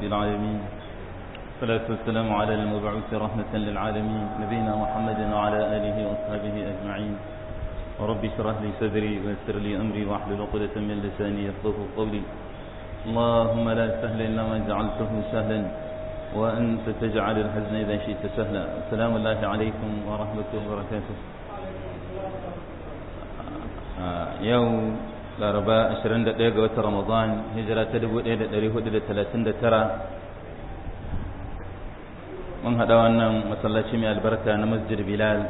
رب العالمين صلاة والسلام على المبعوث رحمة للعالمين نبينا محمد وعلى آله وأصحابه أجمعين ورب شرح لي صدري ويسر لي أمري واحلل لقلة من لساني يفقه قولي اللهم لا سهل إلا ما جعلته سهلا وأنت تجعل الحزن إذا شئت سهلا السلام الله عليكم ورحمة وبركاته آه، يوم laraba 21 ga watan ramadan hijira ta 1439 mun haɗa wannan masallaci mai albarka na masjid bilal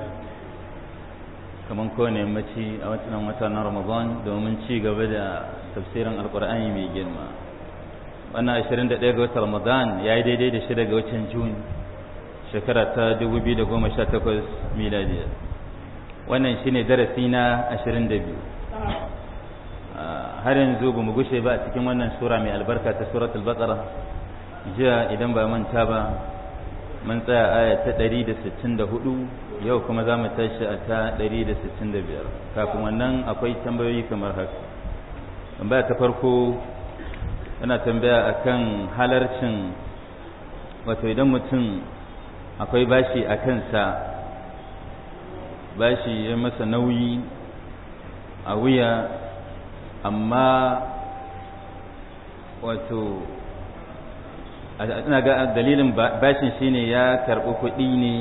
kamar kowane yammaci a watan watan ramadan domin ci gaba da tafsirin alkur'ani mai girma wannan 21 ga watan ramadan ya yi daidai da shida ga watan juni shekara ta 2018 miladiya wannan shine darasi na 22 har yanzu ba mu gushe ba a cikin wannan sura mai albarka ta suratul baqara jiya idan ba manta ba mun tsaya aya ta 164 yau kuma za mu tashi a ta 165 kafin wannan akwai tambayoyi kamar haka tambaya ta farko yana tambaya akan halarcin wato idan mutum akwai bashi a kansa bashi ya masa nauyi a wuya amma wato ina ga dalilin bashin shine ya karɓi kuɗi ne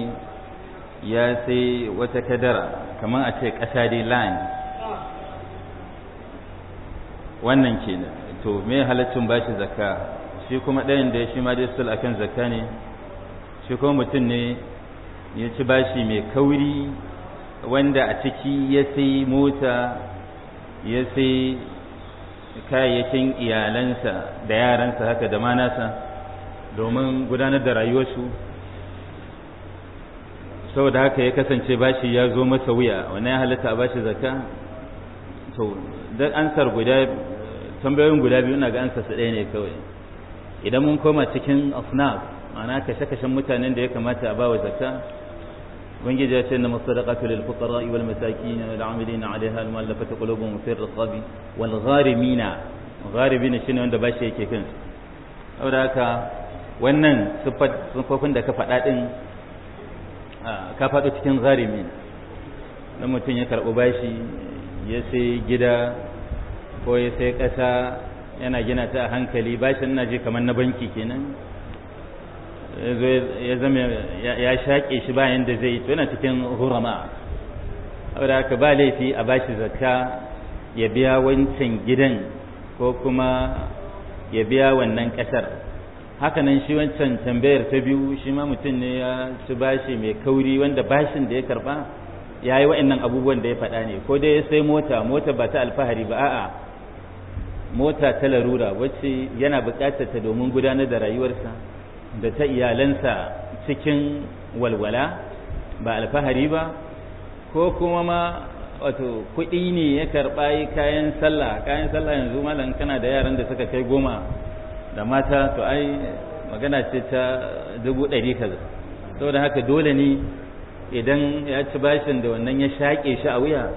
ya sai wata kadara kamar a ce ƙasa dai land wannan kenan to me halaccin bashi zakka shi kuma ɗayan da shi ma dai a kan zakka ne shi kuma mutum ne ya ci bashi mai kauri wanda a ciki ya sai mota ya sai kayayyakin iyalansa da yaransa haka da manasa domin gudanar da rayuwarsu saboda haka ya kasance bashi ya zo masa wuya wannan ya halatta a bashi zakka to dan ansar guda tambayoyin guda biyu na ga ansa ɗaya ne kawai idan mun koma cikin afnaf ma'ana kashe-kashen mutanen da ya kamata a bawa zakka ubangiji ya ce na masadaqatu lil fuqara wal masakin wal amilina alaiha al mu'allafati qulubuhum fi riqabi wal gharimina gharimina shine wanda bashi yake kan saboda haka wannan siffofin da ka faɗa din ka faɗo cikin gharimin dan mutum ya karɓi bashi ya sai gida ko ya sai ƙasa yana gina ta a hankali bashin na je kamar na banki kenan ya zama ya shaƙe shi bayan da zai tona cikin hurama da aka ba laifi a ba shi zakka ya biya wancan gidan ko kuma ya biya wannan ƙasar hakanan shi wancan tambayar ta biyu shi ma mutum ne ya ci bashi mai kauri wanda bashin da ya karba ya yi wa'annan abubuwan da ya faɗa ne ko dai ya sai mota mota ba ta alfahari ba a'a mota ta larura wacce yana buƙatar ta domin gudanar da rayuwarsa da ta iyalansa cikin walwala ba alfahari ba ko kuma ma wato kuɗi ne ya karɓa kayan sallah kayan sallah yanzu malam kana da yaran da suka kai goma da mata to ai magana ce ta dubu ɗari kaza saboda haka dole ne idan ya ci bashin da wannan ya shaƙe shi a wuya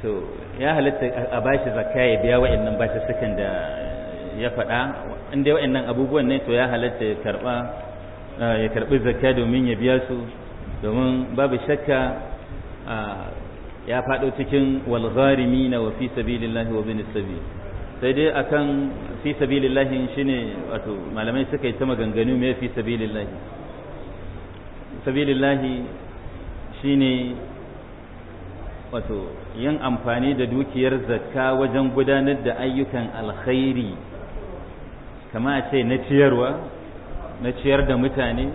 to ya halitta a bashi zakka ya biya wa'annan bashi sukan da ya faɗa in dai wa'annan abubuwan ne to ya halatta ya karɓa eh, ya karɓi zakka domin ya biya su domin babu shakka ah, ya faɗo cikin walgharimi na wa fi sabilillahi wa bin sabi sai dai akan fi sabilillahi shine wato malamai suka yi ta maganganu me fi sabilillahi sabilillahi shine wato yin amfani da dukiyar zakka wajen gudanar da ayyukan alkhairi kama a ce na ciyarwa na ciyar da mutane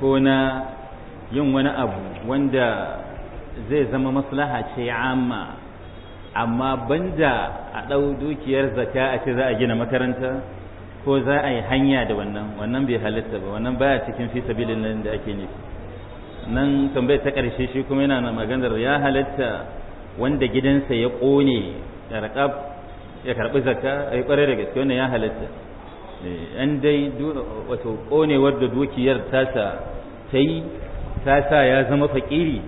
ko na yin wani abu wanda zai zama maslaha ce amma amma banda a ɗau dukiyar zaka a ce za a gina makaranta ko za a yi hanya da wannan wannan bai halitta ba wannan baya cikin fi sabilin da ake nufi nan tambayar ta ƙarshe shi kuma yana maganar ya halitta wanda gidansa ya ƙone da raƙab ya karɓi zakka a yi ƙwarai da gaske wannan ya halatta eh, an dai wato ƙonewar da dukiyar tasa ta yi ta sa ya zama faƙiri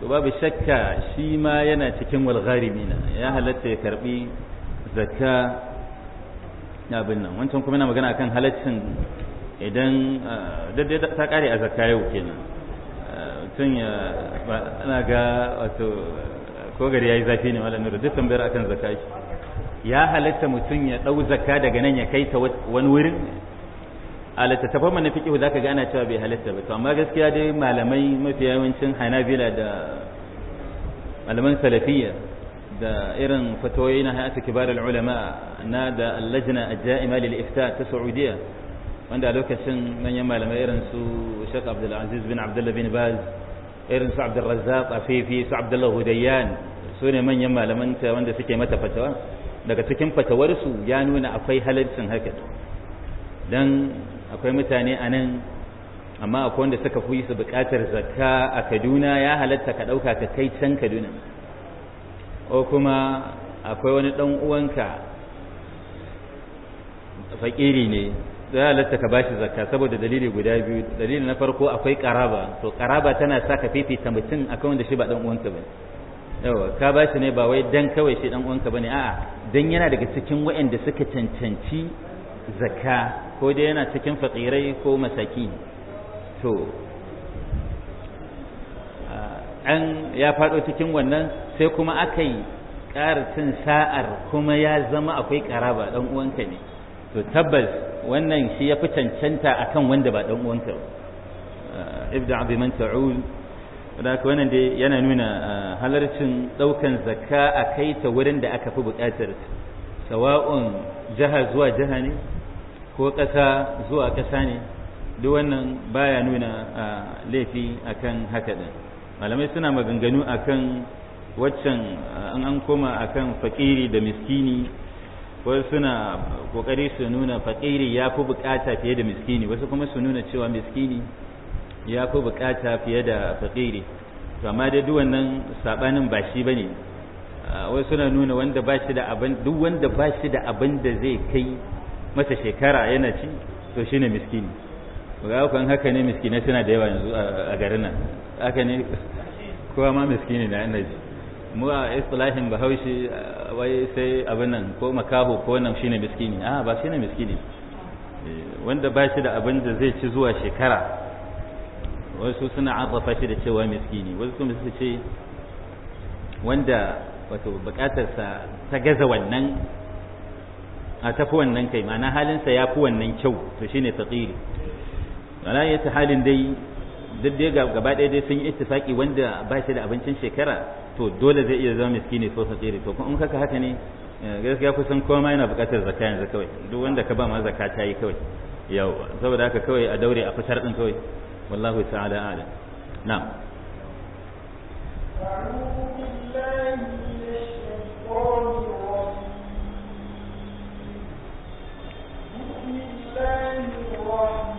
to babu shakka shi ma yana cikin walgharimina ya halatta ya karɓi zakka abin nan wancan kuma yana magana akan halaccin idan ah, daidai ta ƙare a zakka yau kenan ah, tun ya ana ga wato ko gari ya yi zafi ne malam nuru duk tambayar akan zakka shi ya halatta mutum ya ɗau zakka daga nan ya kai ta wani wurin a littattafan mana fiƙihu za ka gana cewa bai halatta ba to amma gaskiya dai malamai mafi yawancin hanabila da malaman salafiyya da irin fatoyi na hayatu kibar ulama na da allajna ajja'ima lil ifta ta saudiya wanda a lokacin manyan malamai irin su Sheikh abdulaziz bin Abdullah bin Baz irin su Abdul Razzaq Afifi su Abdullah Hudayyan su ne manyan malaman ta wanda suke mata fatawa daga cikin fatawarsu ya nuna akwai halarcin haka don akwai mutane a nan amma akwai wanda suka fi su buƙatar zakka a kaduna ya halatta ka ɗauka ka kai can kaduna ko kuma akwai wani ɗan uwanka fakiri ne ya halatta ka bashi zakka saboda dalili guda biyu dalili na farko akwai ƙaraba, to ƙaraba tana sa ka fifita mutum akan wanda shi ba ɗan uwanka ba yawa ka ba shi ne ba wai dan kawai shi dan uwanka bane a'a dan yana daga cikin waɗanda suka cancanci zakka ko dai yana cikin fakirai ko masaki to an ya faɗo cikin wannan sai kuma aka yi cin sa'ar kuma ya zama akwai karaba dan uwanka ne to tabbas wannan shi ya fi cancanta akan wanda ba dan uwanka ba ibda abi man ta'ul da haka wannan dai yana nuna ah, halarcin daukan zakka a kai ta wurin da aka fi buƙatar sawa'un jiha zuwa jiha ne ko ƙasa zuwa ƙasa ne duk wannan baya nuna ah, laifi akan haka din malamai suna maganganu akan waccan an ah, an koma akan fakiri da miskini wasu suna kokari su nuna fakiri ya fi bukata fiye da miskini wasu kuma su nuna cewa miskini ya fi bukata fiye da fakiri to amma dai duk wannan sabanin ba shi bane ah, wai suna nuna wanda ba shi da abin duk wanda ba shi da abin da zai kai masa shekara yana ci to shine miskini ga kun haka ne miskinai suna da yawa yanzu a garin nan haka ne kowa ma miskini na yana ji mu a islahin bahaushe ah, wai sai abin nan ko makaho ko nan shine miskini a ah, ba shine miskini eh, wanda ba shi da abin da zai ci zuwa shekara wasu suna arrafa shi da cewa miskini wasu kuma su ce wanda wato bukatarsa ta gaza wannan a tafi wannan kai ma'ana halinsa ya fi wannan kyau to shine taqiri wala ya ta halin dai duk dai gaba ɗaya dai sun yi ittifaki wanda ba shi da abincin shekara to dole zai iya zama miskini ko taqiri to kuma in kaka haka ne eh, gaskiya kusan koma yana bukatar zakka yanzu kawai duk wanda ka ba ma zakka ta yi kawai yau saboda haka kawai a daure a fitar din kawai والله تعالى أعلم نعم أعوذ بالله من الشيطان الرجيم بسم الله الرحمن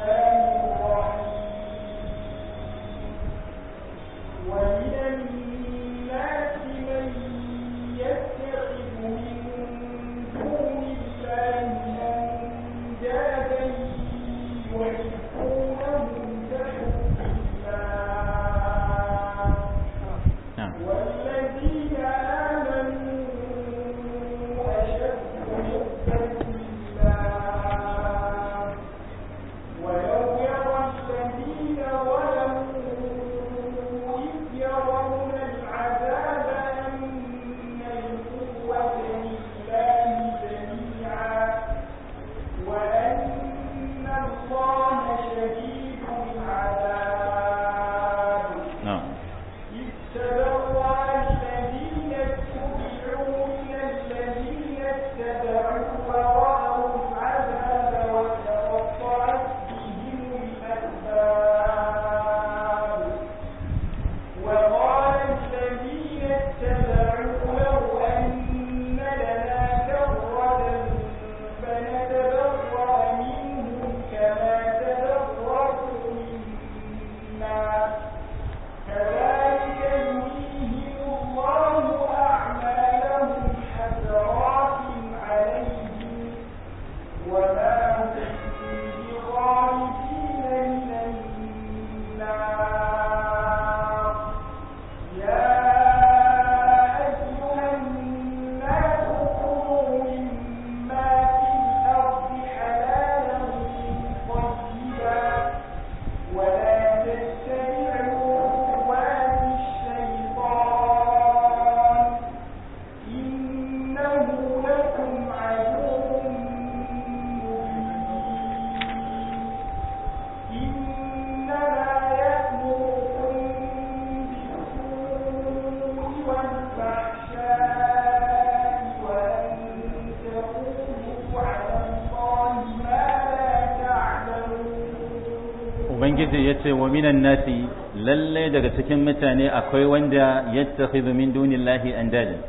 ce wa minan nasi lalle daga cikin mutane akwai wanda yattakhidhu min dunillahi andadan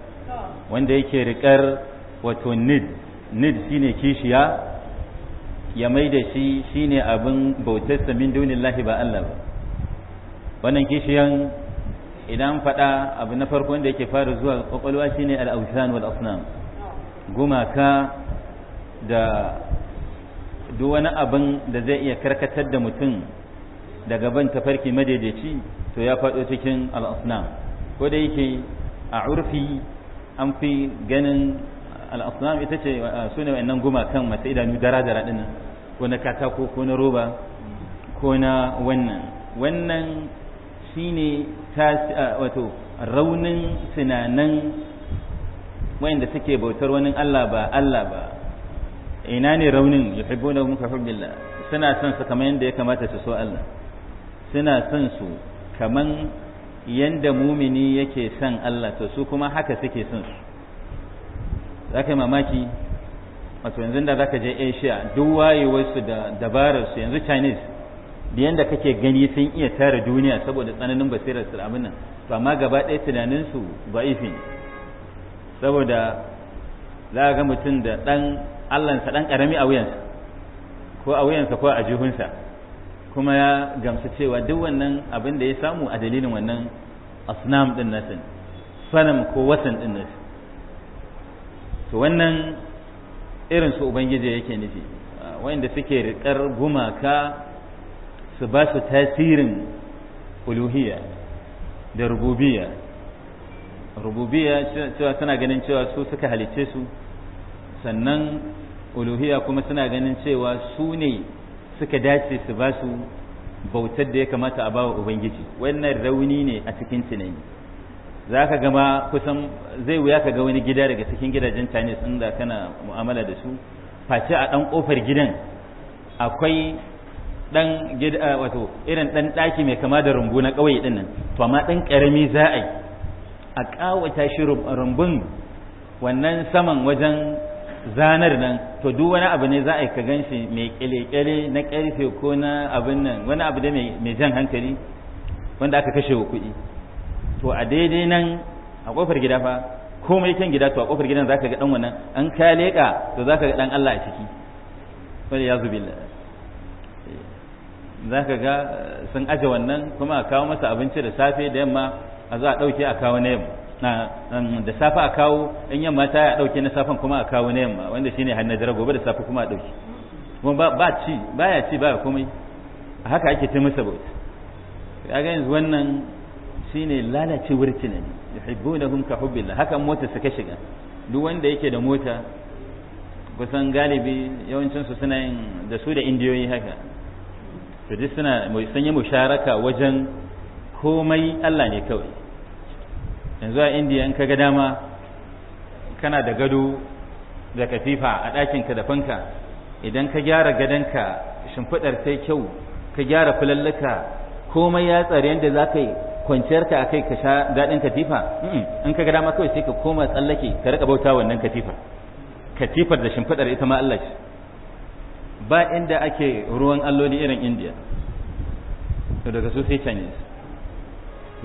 wanda yake rikar wato nid nid shine kishiya ya mai da shi shine abin bautarsa min dunillahi ba Allah ba wannan kishiyan idan faɗa abu na farko wanda yake fara zuwa kwakwalwa shine al-awthan wal asnam gumaka da duk wani abin da zai iya karkatar da mutum daga ban tafarki madaidaici to ya faɗo cikin al'asnam ko da yake a urfi an fi ganin al'asnam ita ce su ne guma gumakan masu idanu dara-dara ɗin ko na katako ko na roba ko na wannan wannan shine wato raunin tunanin wayanda suke bautar wani Allah ba Allah ba ina ne raunin muka ka hubbillah suna son sa kamar yadda ya kamata su so Allah suna son su kaman yanda mumini yake son Allah to su kuma haka suke son su za ka yi mamaki wato yanzu da za je asia duk wayewarsu da dabararsu yanzu chinese da yanda kake gani sun iya tara duniya saboda tsananin basirar su abin nan to amma gaba ɗaya tunaninsu ba ifin saboda za ga mutum da ɗan allansa ɗan ƙarami a wuyansa ko a wuyansa ko a jihunsa kuma ya gamsa cewa duk wannan abin da ya samu a dalilin wannan asnam din nasin sanam ko wasan din nasin to wannan irin su ubangiji yake nufi wanda suke riƙar gumaka su ba su tasirin uluhiyya da rububiyya rububiyya cewa suna ganin cewa su suka halicce su sannan uluhiyya kuma suna ganin cewa su ne suka dace su ba su bautar da ya kamata a bawa ubangiji wannan rauni ne a cikin tunani za ka gama kusan zai wuya ka ga wani gida daga cikin gidajen chinese inda kana mu'amala da su face a ɗan ƙofar gidan akwai ɗan gida wato irin ɗan ɗaki mai kama da rumbu na kauye ɗin nan to amma ɗan ƙarami za a yi a ƙawata shi rumbun wannan saman wajen zanar nan to duk wani abu ne za a yi ka gan shi mai kyale-kyale na karfe ko na abin nan wani abu da mai jan hankali wanda aka kashe wa kuɗi to a daidai nan a kofar gida fa komai kyan gida to a kofar gidan zaka ga dan wannan an ka leka to zaka ga dan Allah a ciki wani ya Za zaka ga sun aje wannan kuma a kawo masa abinci da safe da yamma a za a ɗauke a kawo na yamma da safa a kawo in yamma ta a dauke na safan kuma a kawo na yamma wanda shine har nazara gobe da safa kuma a dauke ba ci baya ci baya komai haka ake ce masa bauta kaga yanzu wannan shine lalacewar na yuhibbunahum ka hubbillah haka mota suka shiga duk wanda yake da mota kusan galibi yawancin su suna yin da su da indiyoyi haka to duk suna sun yi musharaka wajen komai Allah ne kawai yanzu a indiya in ka ga dama kana da gado da katifa a ɗakinka da fanka idan ka gyara gadonka shimfiɗar sai kyau ka gyara fulallaka komai ya tsare yadda za ka yi kwanciyar ka kai ka sha daɗin katifa in ka ga dama kawai sai ka koma tsallake ka riƙa bauta wannan katifa katifar da shimfiɗar ita ma Allah ce ba inda ake ruwan alloli irin indiya daga su sai chinese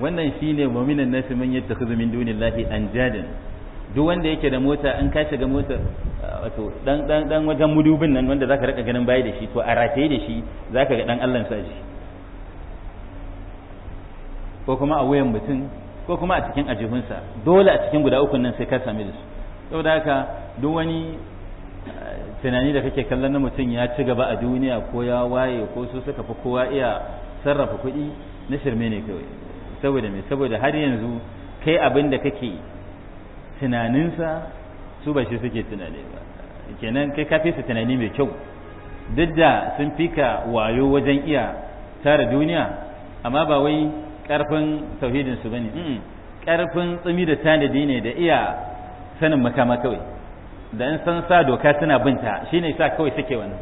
wannan shine wa minan nasi man yattakhidhu min dunillahi anjadan duk wanda yake da mota an ka shiga mota wato dan dan dan wajen mudubin nan wanda zaka rika ganin bayi da shi to a rataye da shi zaka ga dan Allah sa shi ko kuma a wayan mutum ko kuma a cikin ajihunsa dole a cikin guda uku nan sai ka same da su saboda haka duk wani eh, tunani da kake kallon na mutum ya ci gaba a duniya ko ya waye ko su suka fi kowa iya sarrafa kuɗi na shirme ne kawai saboda me saboda har yanzu kai abin da kake tunaninsa su ba shi suke tunani ba kenan kai ka su tunani mai kyau duk da sun fika wayo wajen iya tara duniya amma ba wai ƙarfin su ba ne mm. ƙarfin tsumi da tanadi ne da iya sanin makama kawai da in san sa doka suna binta shine sa kawai suke wannan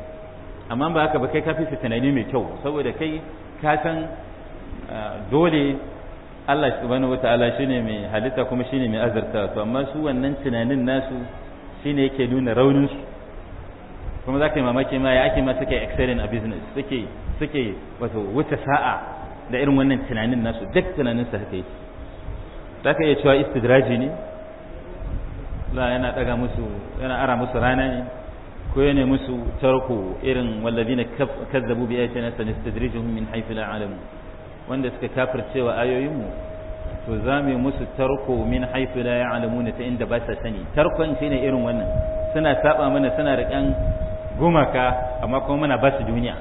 amma ba haka ba kai ka su tunani mai kyau saboda kai ka san ah, dole Allah subhanahu wataala shine mai halitta kuma shine mai azurta to amma su wannan tunanin nasu shine yake nuna raunin su kuma za ka yi mamaki ma ya ake ma suke excelling a business suke suke wato wuce sa'a da irin wannan tunanin nasu duk tunanin su haka yake za ka iya cewa istidraji ne la yana daga musu yana ara musu rana ne ko yana musu tarko irin wallazina kazzabu bi ayatina sanastadrijuhum min haythu la ya'lamun wanda suka kafircewa ayoyinmu to za mu musu tarko min haifu la ya'lamuna ta inda ba sa sani tarkon shine irin wannan suna saba mana suna rikan gumaka amma kuma muna ba su duniya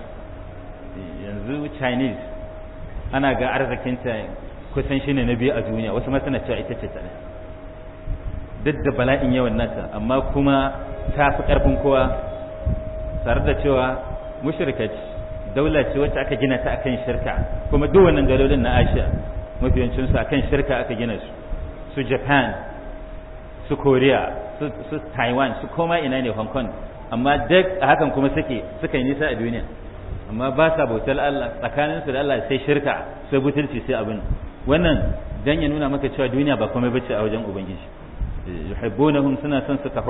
yanzu chinese ana ga arzikinta kusan shine na biyu a duniya wasu ma suna cewa ita ce ta duk da bala'in yawan nata amma kuma ta fi ƙarfin kowa tare da cewa mushrikaci daula ce wacce aka gina ta akan shirka kuma duk wannan dalolin na Asiya mafiyancin su akan shirka aka gina su su Japan su Korea su, Taiwan su koma ina ne Hong Kong amma duk a hakan kuma suke suka yi nisa a duniya amma ba sa bautar Allah tsakanin su da Allah sai shirka sai butulci sai abin wannan dan ya nuna maka cewa duniya ba komai bace a wajen ubangiji eh, yuhibbunahum suna son su ka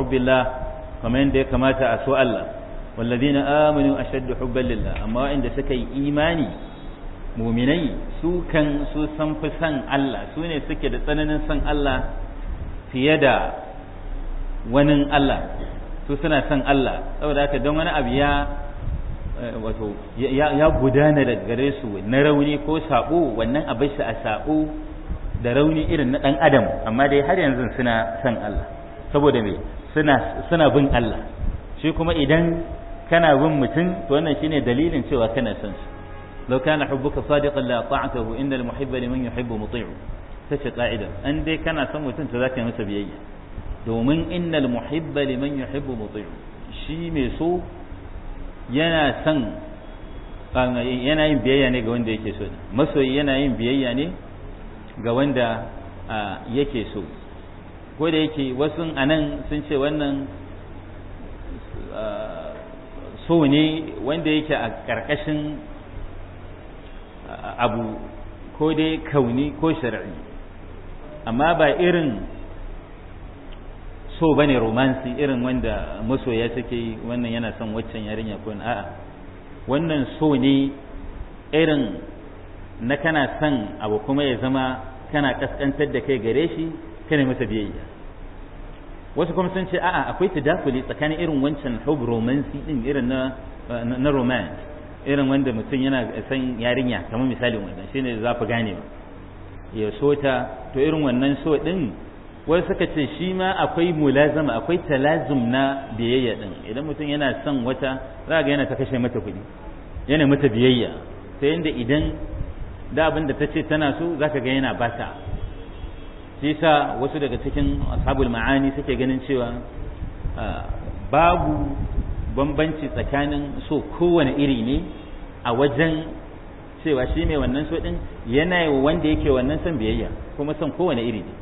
kamar yadda ya kamata a so Allah wallazina amanu ashaddu hubban lillah amma waɗanda suka yi imani muminai su kan su san fi san Allah su ne suke da tsananin san Allah fiye da wani Allah su suna san Allah saboda haka don wani abu ya wato ya gudana da gare na rauni ko sabo wannan a shi a sabo da rauni irin na ɗan adam amma dai har yanzu suna san Allah saboda me suna suna bin Allah shi kuma idan kana bin mutum to wannan shine dalilin cewa kana son shi law kana hubbuka sadiqan la ta'atahu innal muhibba liman yuhibbu muti'u tace qa'ida an dai kana son mutum to zaka yi masa biyayya domin innal muhibba liman yuhibbu muti'u shi mai so yana son yana yin biyayya ne ga wanda yake so masoyi yana yin biyayya ne ga wanda yake so ko da yake wasu anan sun ce wannan so ne wanda yake a ƙarƙashin abu ko dai kauni ko shari'i amma ba irin so bane romansi irin wanda masoya suke yi wannan yana son waccan yarinya ko a'a wannan so ne irin na kana son abu kuma ya zama kana kaskantar da kai gare shi kana masa biyayya wasu kuma sun ce a'a akwai tadakuli tsakanin irin wancan hub romansi din irin na na romance irin wanda mutum yana san yarinya kamar misalin wannan shine za ku gane ya so ta to irin wannan so din wai suka ce shi ma akwai mulazama akwai talazum na biyayya din idan mutum yana son wata za ga yana ta kashe mata kuɗi yana mata biyayya sai inda idan da abin da ta ce tana so zaka ga yana bata sai wasu daga cikin ashabul ma'ani suke ganin cewa babu bambanci tsakanin so kowane iri ne a wajen cewa shi mai wannan so ɗin? yana yi wanda yake wannan son biyayya kuma son kowane iri ne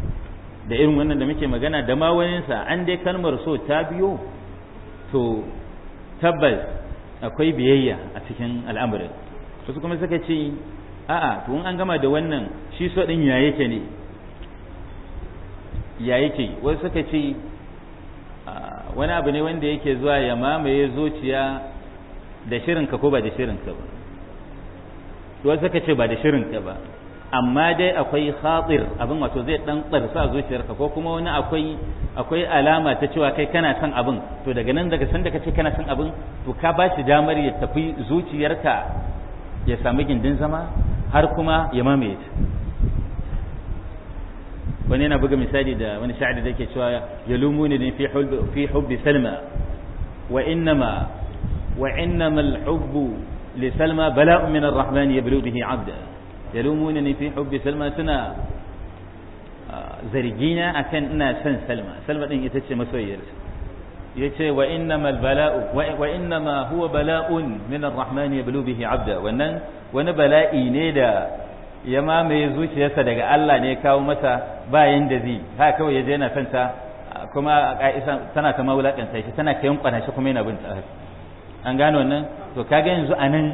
da irin wannan da muke magana da ma waninsa an dai kalmar so ta biyo to tabbas akwai biyayya a cikin al'amarin wasu kuma suka ce a'a to an gama da wannan shi so ɗin ya yake ne ya yake wai suka ce wani abu ne wanda yake zuwa ya mamaye zuciya da shirinka ko ba da shirinka ba wasu suka ce ba da shirinka ba amma dai akwai khatir abin wato zai dan tsarsa zuciyarka ko kuma wani akwai akwai alama ta cewa kai kana son abin to daga nan daga san da kace kana son abin to ka ba shi damar ya tafi zuciyarka ya sami gindin zama har kuma ya mamaye ta wani yana buga misali da wani sha'adi da ke cewa ya lumu ne fi fi hubbi salma wa innama wa innama al-hubbu li salma bala'un min ar-rahman yablu bihi 'abda yalumuna ni fi hubbi salma suna ah, zargina akan ina son salma salma din ita ce masoyiyarsa yace wa innama al-bala'u wa innama huwa bala'un min ar-rahman yablu bihi 'abda wannan wani bala'i ne da ya mamaye zuciyarsa daga Allah ne ya kawo masa bayan da zai ha kawai ya je yana santa kuma ka'isa tana ta mawulaƙanta shi tana kayan kwanashi kuma yana bin an gano wannan to kaga yanzu anan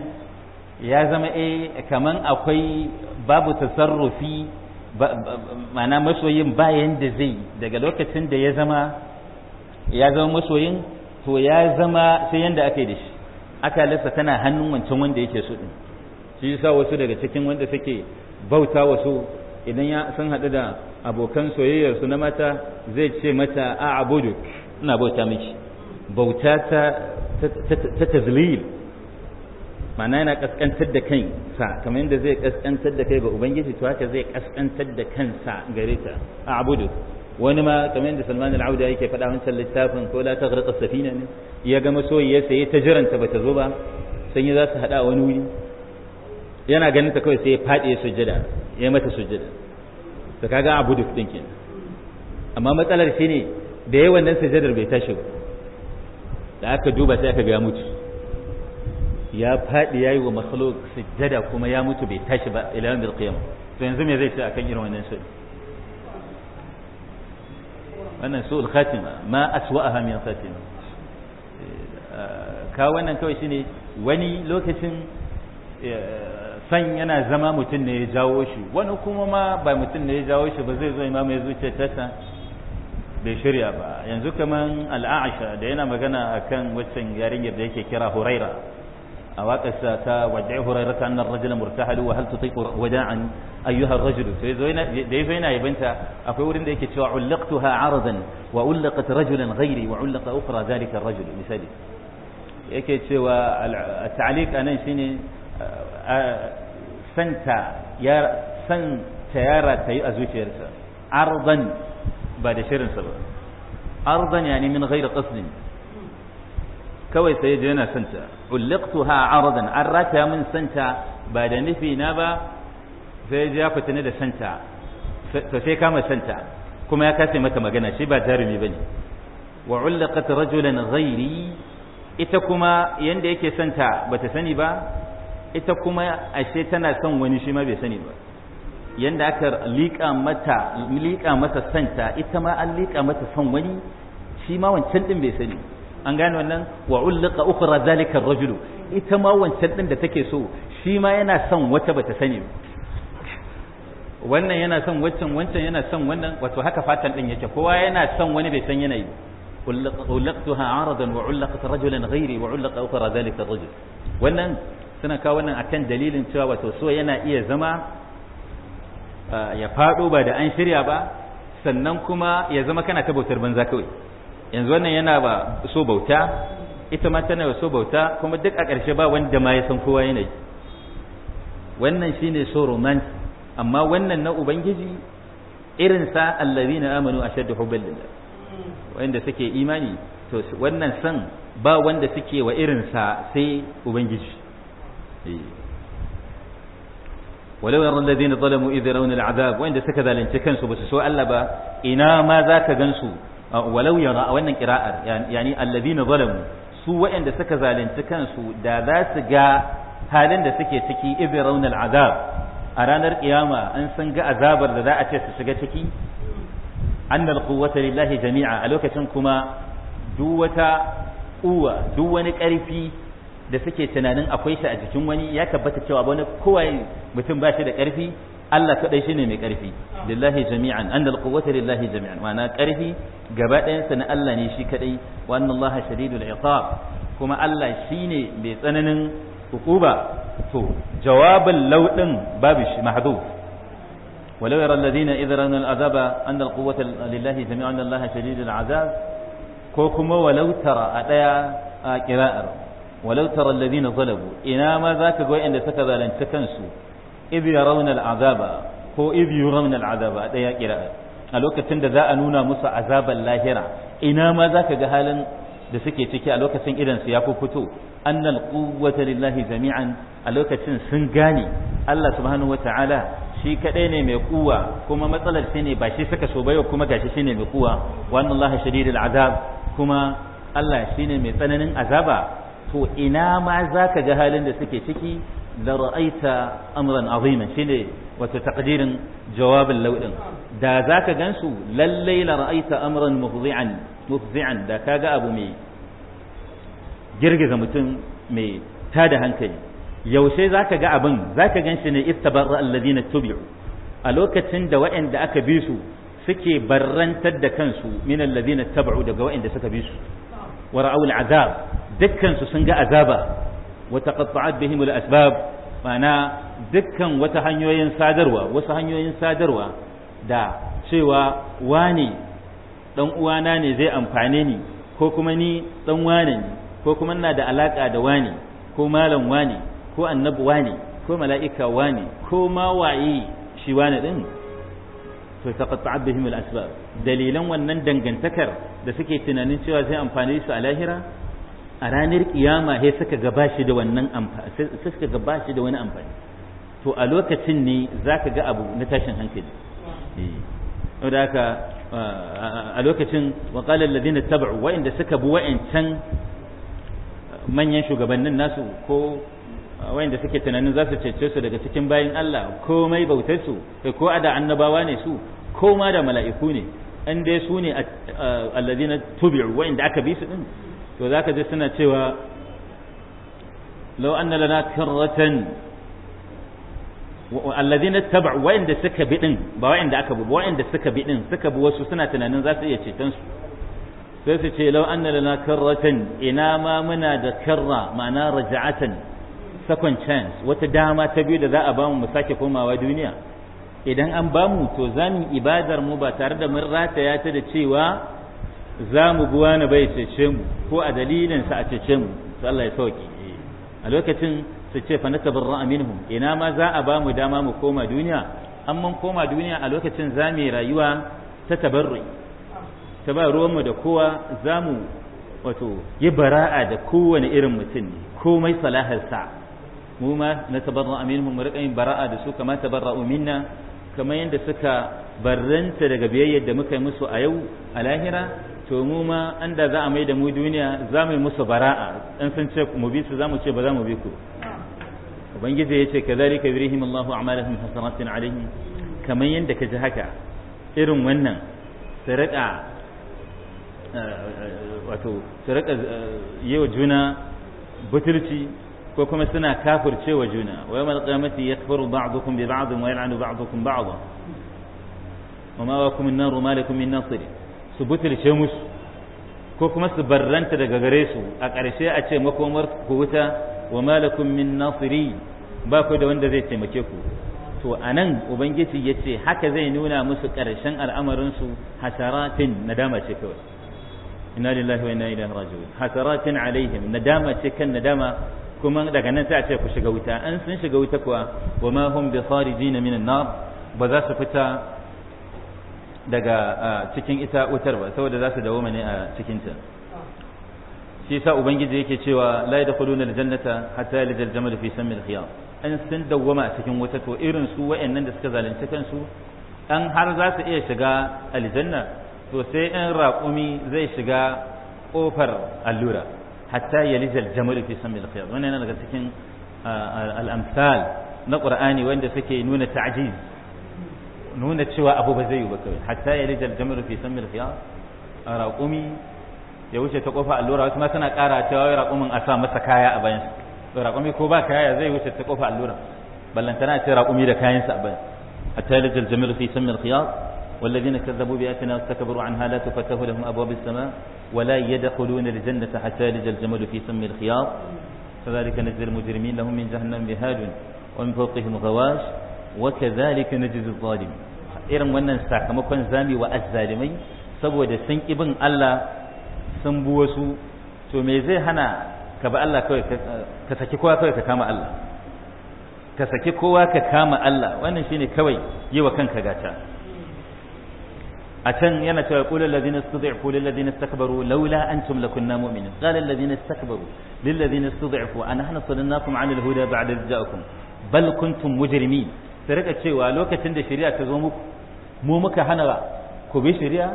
ya zama eh kaman akwai babu tasarrufi ma'ana masoyin bayan da zai daga lokacin da ya zama ya zama masoyin to ya zama sai yanda aka yi da shi lissa tana hannun wancan wanda yake so din shi yasa wasu daga cikin wanda suke bauta wasu idan ya san haɗu da abokan soyayyar su na mata zai ce mata a abudu ina bauta miki bauta ta ta tazlil ma'ana yana kaskantar da kansa kamar yadda zai kaskantar da kai ga ubangiji to haka zai kaskantar da kansa gare ta a abudu wani ma kamar yadda salman al'auda yake faɗa wancan littafin ko la ta safina ne ya ga masoyiyarsa ya ta jiranta bata zo ba sai ya za su haɗa wani wuri yana ganin ta kawai sai ya faɗi ya sujjada ya mata sujjada to kaga abu duk din kenan amma matsalar shine da yayi wannan sujjadar bai tashi ba da aka duba sai aka ga mutu ya faɗi yayi wa makhluq sujjada kuma ya mutu bai tashi ba ila yawmil qiyamah to yanzu me zai ce akan irin wannan su wannan su khatima ma aswa'aha min khatima eh, ah, ka wannan kawai shine wani lokacin eh, san yana zama mutum ne ya jawo shi wani kuma ma ba mutum ne ya jawo shi ba zai zo imamu ya zuce tasa bai shirya ba yanzu kaman al'asha da yana magana akan waccan yarinya da yake kira huraira a waƙarsa ta waje huraira ta annar rajula murtahalu wa haltu tutiqu wada'an ayyuha ar-rajul sai zo yana da yazo yana akwai wurin da yake cewa ha aradan wa ullaqat rajulan ghairi wa ullaqa ukhra zalika ar-rajul misali yake cewa at-ta'liq anan shine santa ya yara ta yi a zuciyarsa ardan ba da shirinsa ba ardan yani min ghairi qasdin kawai sai je yana santa uliqtuha ardan an rata min santa ba da nufi na ba sai ya fitina da santa to sai kama santa kuma ya kasa mata magana shi ba jarumi bane wa ulqat rajulan ghairi ita kuma yanda yake santa bata sani ba ita kuma ashe tana son wani shi ma bai sani ba yanda aka liƙa mata liƙa mata santa ita ma an liƙa mata son wani shi ma wancan din bai sani an gane wannan wa ulqa ukhra zalika ar-rajul ita ma wancan din da take so shi ma yana son wata bata sani wannan yana son waccan wancan yana son wannan wato haka fatan din yake kowa yana son wani bai san yana yi ulqtuha aradan wa ulqat rajulan ghairi wa ulqa ukhra zalika ar-rajul wannan suna kawo wannan akan dalilin cewa wato so yana iya zama ya faɗo ba da an shirya ba sannan kuma ya zama kana ta bautar banza kawai yanzu wannan yana ba so bauta ita ma tana so bauta kuma duk a ƙarshe ba wanda ma ya san kowa yana yi wannan shine so romance amma wannan na ubangiji irin sa allazina amanu ashaddu hubban lillah wanda suke imani to wannan san ba wanda suke wa irin sa sai ubangiji basu so Allah ba ina ma zaka gansu walau wannan qira'ar yani alladina su waɗanda suka zalunci kansu da za su ga halin da suke ciki idh yarawna a ranar kiyama an san ga azabar da za a ce su shiga ciki annal jami'a a lokacin kuma duk wata duk wani ƙarfi da suke tunanin akwai shi a jikin wani ya tabbata cewa wani kowaye mutum ba shi da ƙarfi Allah kaɗai shi ne mai ƙarfi lillahi jami'an an alquwwata lillahi jami'an wana ƙarfi gaba ɗayansa na Allah ne shi kaɗai wa anna Allah shadidul iqab kuma Allah shi ne mai tsananin hukuba to jawabin lauɗin babu shi mahdhuf ولو يرى الذين إذا رأوا العذاب أن القوة لله جميعا أن الله شديد العذاب كوكما ولو ترى أتيا قراءة walau tara alladhina zalabu ina ma zaka ga wa'anda saka zalunci kansu idh yarawna al'azaba ko idh yarawna al'azaba daya kira'a a lokacin da za nuna musu azaban lahira ina ma zaka ga halin da suke ciki a lokacin idan su ya fito annal quwwata lillahi jami'an a lokacin sun gane Allah subhanahu wata'ala shi kaɗai ne mai kuwa kuma matsalar shi ne ba shi suka kuma gashi shi ne mai kuwa wa annallaha shadidul azab kuma Allah shi ne mai tsananin azaba to ina ma zaka ga halin da suke ciki la ra'aita amran azima shine wato taqdirin jawabin laudin da ka gansu lallai la ra'aita amran muhzi'an muhzi'an da ga abu mai girgiza mutum mai tada hankali yaushe ka ga abin zaka ganshi ne istabarra alladhina tubi'u a lokacin da waɗanda aka bi su suke barrantar da kansu min alladhina tabu'u daga waɗanda suka bi su wa ra'ul azab dukkansu sun ga azaba wa taqatta'at bihim al-asbab ma'ana dukkan wata hanyoyin sadarwa wasu hanyoyin sadarwa da cewa wani dan uwana ne zai amfane ni ko kuma ni dan wane ne ko kuma ina da alaka da wani ko malam wani ko annabi wani ko mala'ika wani ko ma waye shi wani din to taqatta'at bihim al-asbab dalilan wannan dangantakar da suke tunanin cewa zai amfane su a lahira a ranar kiyama sai suka gaba shi da wannan amfani suka gaba shi da wani amfani to a lokacin ne zaka ga abu na tashin hankali eh haka a lokacin wa qala alladhina tabu wa'inda suka bi wa'incan manyan shugabannin nasu ko wa'inda suke tunanin za su cece su daga cikin bayin Allah komai bautar su ko a da annabawa ne su ko ma da mala'iku ne an dai su ne alladhina tubi'u wa'inda aka bi su din to za ka ji suna cewa lau anna lana karratan alladhina taba wa'inda suka bi din ba wa'inda aka bi wa'inda suka bi din suka bi wasu suna tunanin za su iya ceton su sai su ce lau anna lana karratan ina ma muna da karra ma'ana raja'atan second chance wata dama ta biyu da za a ba mu sake komawa duniya idan an ba mu to zamu ibadar mu ba tare da mun rataya ta da cewa za mu buwa na bai cece mu ko a dalilinsa a cece mu to Allah ya sauki a lokacin su ce fa natabarra minhum ina ma za a ba mu dama mu koma duniya an mun koma duniya a lokacin za mu rayuwa ta tabarru ta ba ruwanmu da kowa za mu wato yi bara'a da kowane irin mutum ne komai sa mu ma natabarra minhum mu riƙa yin bara'a da su kamata tabarra'u minna kamar yadda suka barranta daga biyayyar da muka yi musu a yau a lahira to mu ma an za a mai da mu duniya za mu yi musu bara'a in sun ce mu bi su za mu ce ba za mu bi ku ubangiji ya ce ka zari ka birihim Allahu a'malahum hasanatin alaihim kamar yadda ka ji haka irin wannan su eh, eh, wato su riƙa eh, yi wa juna butulci ko kuma suna kafirce wa juna wa yawmal qiyamati yakfuru ba'dukum bi ba'd wa yal'anu ba'dukum ba'd wa ma wa kum an-nar ma lakum min nasir su butulce musu ko kuma su barranta daga gare su a ƙarshe a ce makomar ku wuta wa malakum min nasiri ba ku da wanda zai taimake ku to a nan ubangiji ya ce haka zai nuna musu ƙarshen al'amarinsu hasaratin nadama ce kawai inna lillahi wa inna ilaihi raji'un hasaratin alaihim nadama ce kan nadama kuma daga nan sai a ce ku shiga wuta an sun shiga wuta kuwa wa ma hum bi kharijin minan nar ba za su fita daga cikin ita wutar ba saboda za su dawo ne a cikinta shi yasa ubangiji yake cewa la yadkhuluna aljannata hatta yalijal jamal fi sammi alkhiyam an sun dawwama a cikin wuta to irin su wayannan da suka zalunci kansu an har za su iya shiga aljanna to sai in raƙumi zai shiga kofar allura hatta yalijal jamal fi sammi alkhiyam wannan daga cikin al-amsal na qur'ani wanda suke nuna ta'jiz nuna cewa abu ba zai yi ba kawai hatta ya rijal jami'ar fi san milfiya a raƙumi ya wuce ta kofa allura wasu ma suna ƙara cewa wai raƙumin a sa masa kaya a bayan raƙumi ko ba kaya zai wuce ta kofa allura ballantana ce raƙumi da kayansa a bayan hatta ya rijal jami'ar fi san milfiya والذين كذبوا بآياتنا واستكبروا عنها لا تفتح لهم أبواب السماء ولا يدخلون الجنة حتى يلج الجمل في سم الخياط كذلك نجزي المجرمين لهم من جهنم بهاج ومن فوقهم غواش wa kadhalika najzi zalim irin wannan sakamakon zami wa azzalimai saboda sun ibin Allah sun bu wasu to me zai hana ka ba Allah kawai ka saki kowa kawai ka kama Allah ka saki kowa ka kama Allah wannan shine kawai yi wa kanka gata a can yana cewa qulul ladina istud'ifu lil ladina istakbaru laula antum lakunna mu'minin qala alladhina istakbaru lil ladina istud'ifu anahnu sadannakum 'anil huda ba'da idh ja'akum bal kuntum mujrimin su rika cewa lokacin da shari'a ta zo muku mu muka hana ku bi shari'a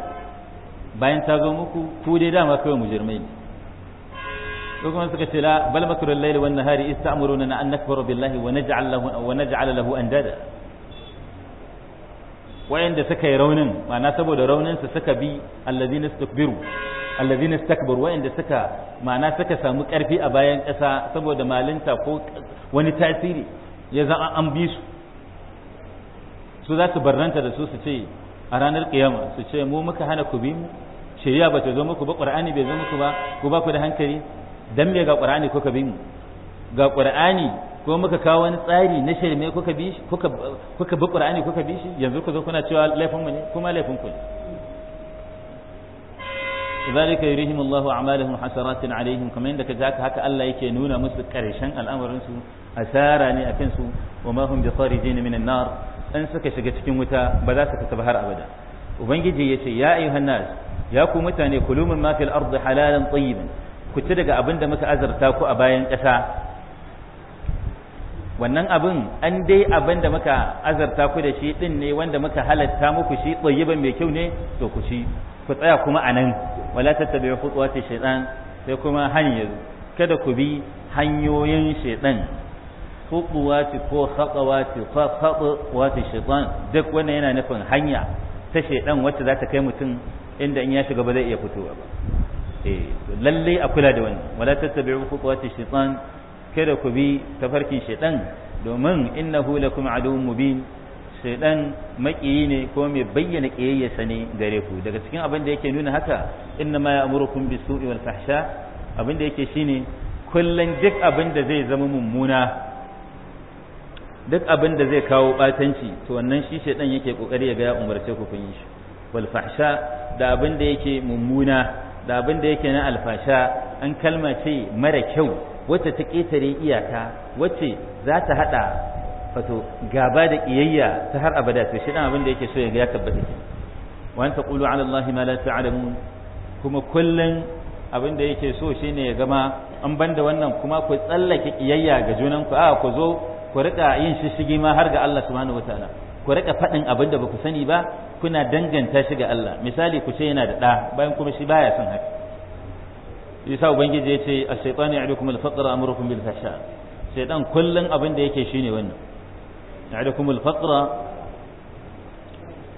bayan ta zo muku ku dai dama kawai mujirmai ne ko kuma suka ce la bal makrul layli wan nahari istamuruna an nakfuru billahi wa naj'al lahu wa naj'al lahu andada wayanda suka yi raunin ma'ana saboda raunin su suka bi allazina istakbiru allazina istakbaru wayanda suka ma'ana suka samu karfi a bayan ƙasa saboda malinta ko wani tasiri ya zama an bi su su za su barranta da su su ce a ranar kiyama su ce mu muka hana ku bi mu shari'a ba ta zo muku ba qur'ani bai zo muku ba ku ba ku da hankali dan me ga qur'ani kuka bi mu ga qur'ani ko muka kawo wani tsari na shirme kuka bi shi kuka kuka bi qur'ani kuka bi shi yanzu ku zo kuna cewa laifin mu ne kuma laifin ku ne ذلك يريهم الله أعمالهم حسرات عليهم كما عندك ذاك هكا الله يكي نونا مسك كريشان الأمر نسو أسارا أكنسو وما هم بخارجين من النار in suka shiga cikin wuta ba za su fita ba har abada ubangiji ya ce ya ayyuhan nas ya ku mutane kulu min ma fil ardi halalan tayyiban ku ci daga abin da muka azarta ku a bayan ƙasa wannan abin an dai abin da muka azarta ku da shi din ne wanda muka halatta muku shi tayyiban mai kyau ne to ku ci ku tsaya kuma anan wala tattabi'u khutuwati shaytan sai kuma hanyar kada ku bi hanyoyin shaytan khutuwati ko khatawati fa khatawati shaytan duk wannan yana nufin hanya ta shaydan wacce za ta kai mutum inda in ya shiga ba zai iya fitowa ba eh lalle a kula da wannan wala tattabi'u khutuwati shaytan kada ku bi tafarkin shaydan domin innahu lakum aduwwun mubin shaydan makiyi ne ko mai bayyana kiyayyarsa ne gare ku daga cikin abin da yake nuna haka inna ma ya'murukum bis-su'i wal fahsha abin da yake shine kullun duk abin da zai zama mummuna duk abin da zai kawo batanci to wannan shi shaidan yake kokari ya ga ya umarce ku kun yi shi wal fahsha da abin da yake mummuna da abin da yake na alfasha an kalma ce mara kyau wacce ta ketare iyaka wacce za ta hada fato gaba da iyayya ta har abada to dan abin da yake so ya ga ya tabbata ki wa anta qulu ala allahi ma la ta'lamun kuma kullun abin da yake so shine ya gama an banda wannan kuma ku tsallake kiyayya ga junanku a ku zo ku rika yin shishigi ma har ga Allah subhanahu wataala ku rika faɗin abin da ba ku sani ba kuna danganta shi ga Allah misali ku ce yana da ɗa bayan kuma shi baya son haka yasa ubangiji ya ce ash-shaytanu ya'idukum al-faqr amrukum bil fahsha shaytan kullun abin da yake shine wannan ya'idukum al-faqr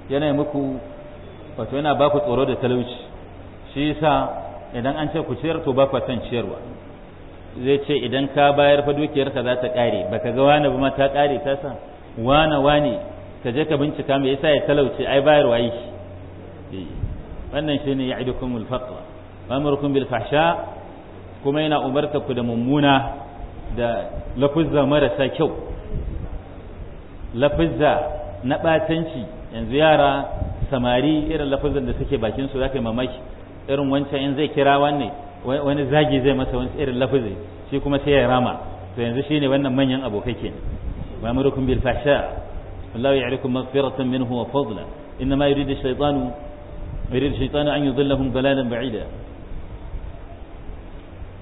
yana muku wato yana ba ku tsoro da talauci shi yasa idan an ce ku ciyar to ba ku san ciyarwa zai ce idan ka bayar fa dukiyarka za ta kare ka ga wani ba ma ta kare ta sa wani wani ka je ka bincika me yasa ya talauce ai bayarwa yi shi eh, wannan shine ya'idukumul faqra wa amrukum bil fahsha kuma yana umarta ku da mummuna da lafuzza marasa kyau lafuzza na batanci yanzu yara samari irin lafuzzan da suke bakin su zaka mamaki irin wancan in zai kira wanne wani zagi zai masa wani irin lafazi shi kuma sai ya rama to yanzu shine wannan manyan abokai ke wa ma'amurukum bil fahsha wallahu ya'rikum maghfiratan minhu wa fadla inna ma yuridu shaytanu yuridu shaytanu an yudhillahum dalalan ba'ida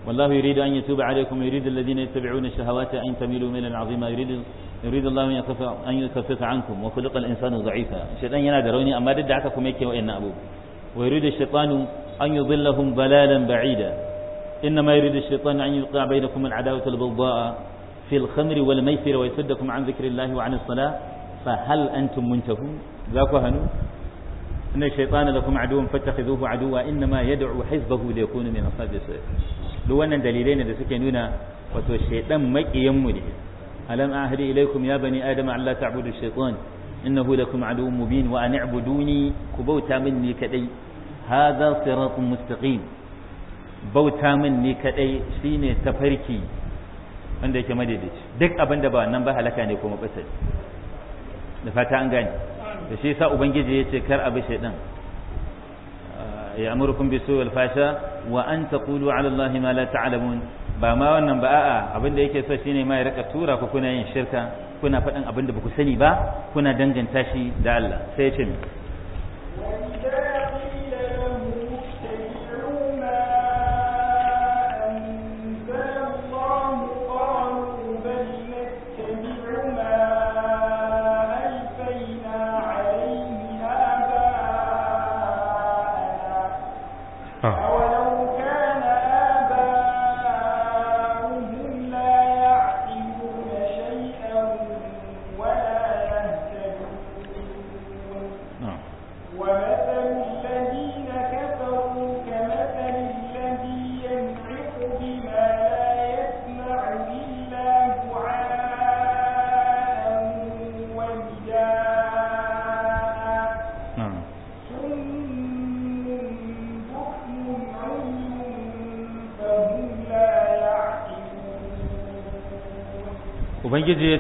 والله يريد أن يتوب عليكم يريد الذين يتبعون الشهوات أن تميلوا ميلا عظيما يريد يريد الله أن يخفف عنكم وخلق الإنسان ضعيفا الشيطان ينادروني أما دد عككم يكي وإن أبوه ويريد الشيطان أن يضلهم ضلالا بعيدا إنما يريد الشيطان أن يوقع بينكم العداوة البغضاء في الخمر والميسر ويصدكم عن ذكر الله وعن الصلاة فهل أنتم منتهون ذاك فهنوا إن الشيطان لكم عدو فاتخذوه عدوا إنما يدعو حزبه ليكون من أصحاب السعير لو أن دليلين إذا سكنونا وتو الشيطان مك makiyanmu ألم أعهد إليكم يا بني آدم أن لا تعبدوا الشيطان إنه لكم عدو مبين وأن اعبدوني كبوتا مني كديّ hadha siratun mustaqim bauta min ni kadai shine tafarki wanda yake madaidaici duk abinda da ba nan ba halaka ne kuma bata da fata an gane da shi sa ubangiji ya ce kar abi shaydan ya amurukum bi su'il fasha wa an taqulu ala allahi ma la ta'lamun ba ma wannan ba a'a abin da yake so shine ma ya rika tura ku kuna yin shirka kuna faɗin abinda ba ku sani ba kuna danganta shi da Allah sai ya ce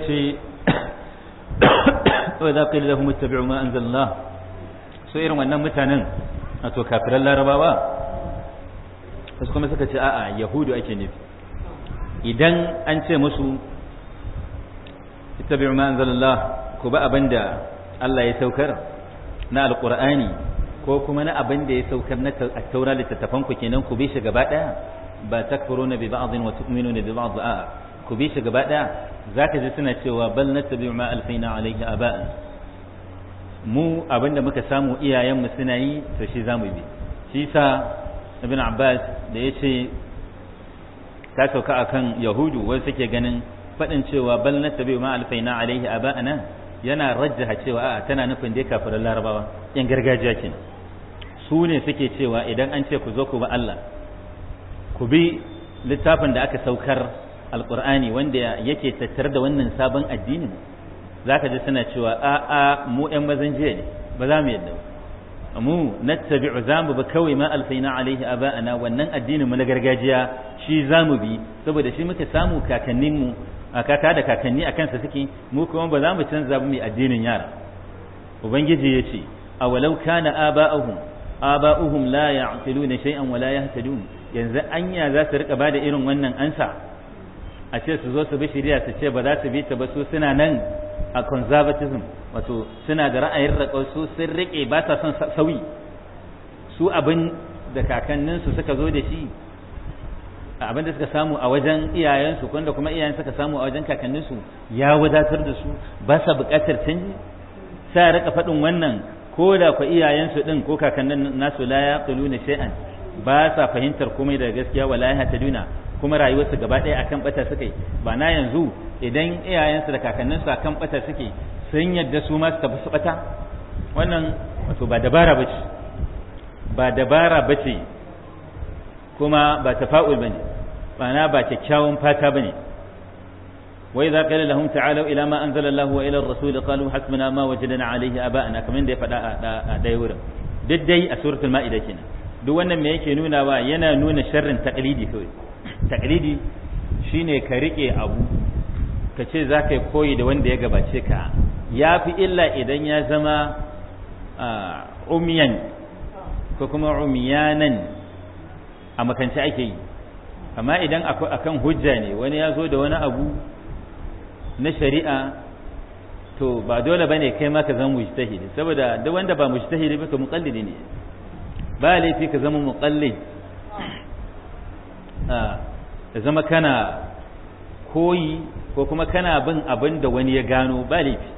ce wa idza qila lahum ittabi'u ma anzalallah so irin wannan mutanen a to kafiran larabawa su kuma suka ce a'a yahudu ake nufi idan an ce musu ittabi'u ma anzalallah ku ba da Allah ya saukar na alqur'ani ko kuma na abinda ya saukar na at-taura littattafan ku kenan ku bi shi gaba daya ba takfuruna bi ba'dhin wa tu'minuna bi ba'd a'a ku bi shi gaba ɗaya za ka ji suna cewa bal na tabi ma alfaina alaihi aba'an mu abinda muka samu iyayenmu suna yi to shi za mu bi shi sa ibn abbas da ya ce ta sauka kan yahudu wani suke ganin faɗin cewa bal na tabi ma alfaina alaihi yana rajjaha cewa a'a tana nufin dai kafirin larabawa yan gargajiya ke su ne suke cewa idan an ce ku zo ku ba Allah ku bi littafin da aka saukar alkur'ani wanda yake tattar da wannan sabon addinin za ka ji suna cewa a a mu 'yan mazan jiya ne ba za mu yadda ba mu na tabi'u za mu ba kawai ma alfaina alaihi a ba'ana wannan addinin mu na gargajiya shi za mu bi saboda shi muka samu kakanninmu a kaka da kakanni a kansa suke mu kuma ba za mu canza ba mai addinin yara ubangiji ya ce a walau kana aba'uhum aba'uhum la ya'qiluna shay'an wa la yahtadun yanzu anya za su rika bada irin wannan ansa a ce su zo su bi shari'a su ce ba za su bi ta ba su suna nan a conservatism wato suna da ra'ayin raƙau su sun riƙe ba sa son sauyi su abin da kakanninsu suka zo da shi abin da suka samu a wajen iyayensu wanda kuma iyayen suka samu a wajen kakanninsu ya wadatar da su ba sa buƙatar canji sa rika faɗin wannan ko da ku iyayensu din ko kakannin nasu la ya na shay'an ba sa fahimtar komai daga gaskiya wala ta duna. kuma rayuwarsu gaba ɗaya akan bata suke ba na yanzu idan iyayensu da kakanninsu akan bata suke sun yadda su ma su tafi su bata wannan wato ba dabara bace ba dabara bace kuma ba tafa'ul bane ma'ana ba kyakkyawan fata ba ne. Wai za ma an zala bane وإذا قيل لهم تعالوا إلى ما أنزل الله وإلى الرسول قالوا حسبنا ما وجدنا عليه آباءنا كمان دي فدا دايورا دي, دي سورة المائدة كنا duk wannan me yake nuna wa yana nuna sharrin taqlidi kawai taqlidi shine ka rike abu ka ce za yi koyi da wanda ya gabace ka ya fi illa idan ya zama umiyan ko kuma umiyanan a makance ake yi amma idan akan hujja ne wani ya zo da wani abu na shari'a to ba dole ba ne kai ma ka zama mujtahidi saboda duk wanda ba mujtahidi ba ka muqallidi ne ba laifi ka zama muqallid da zama kana koyi ko kuma kana bin abin da wani ya gano ba laifi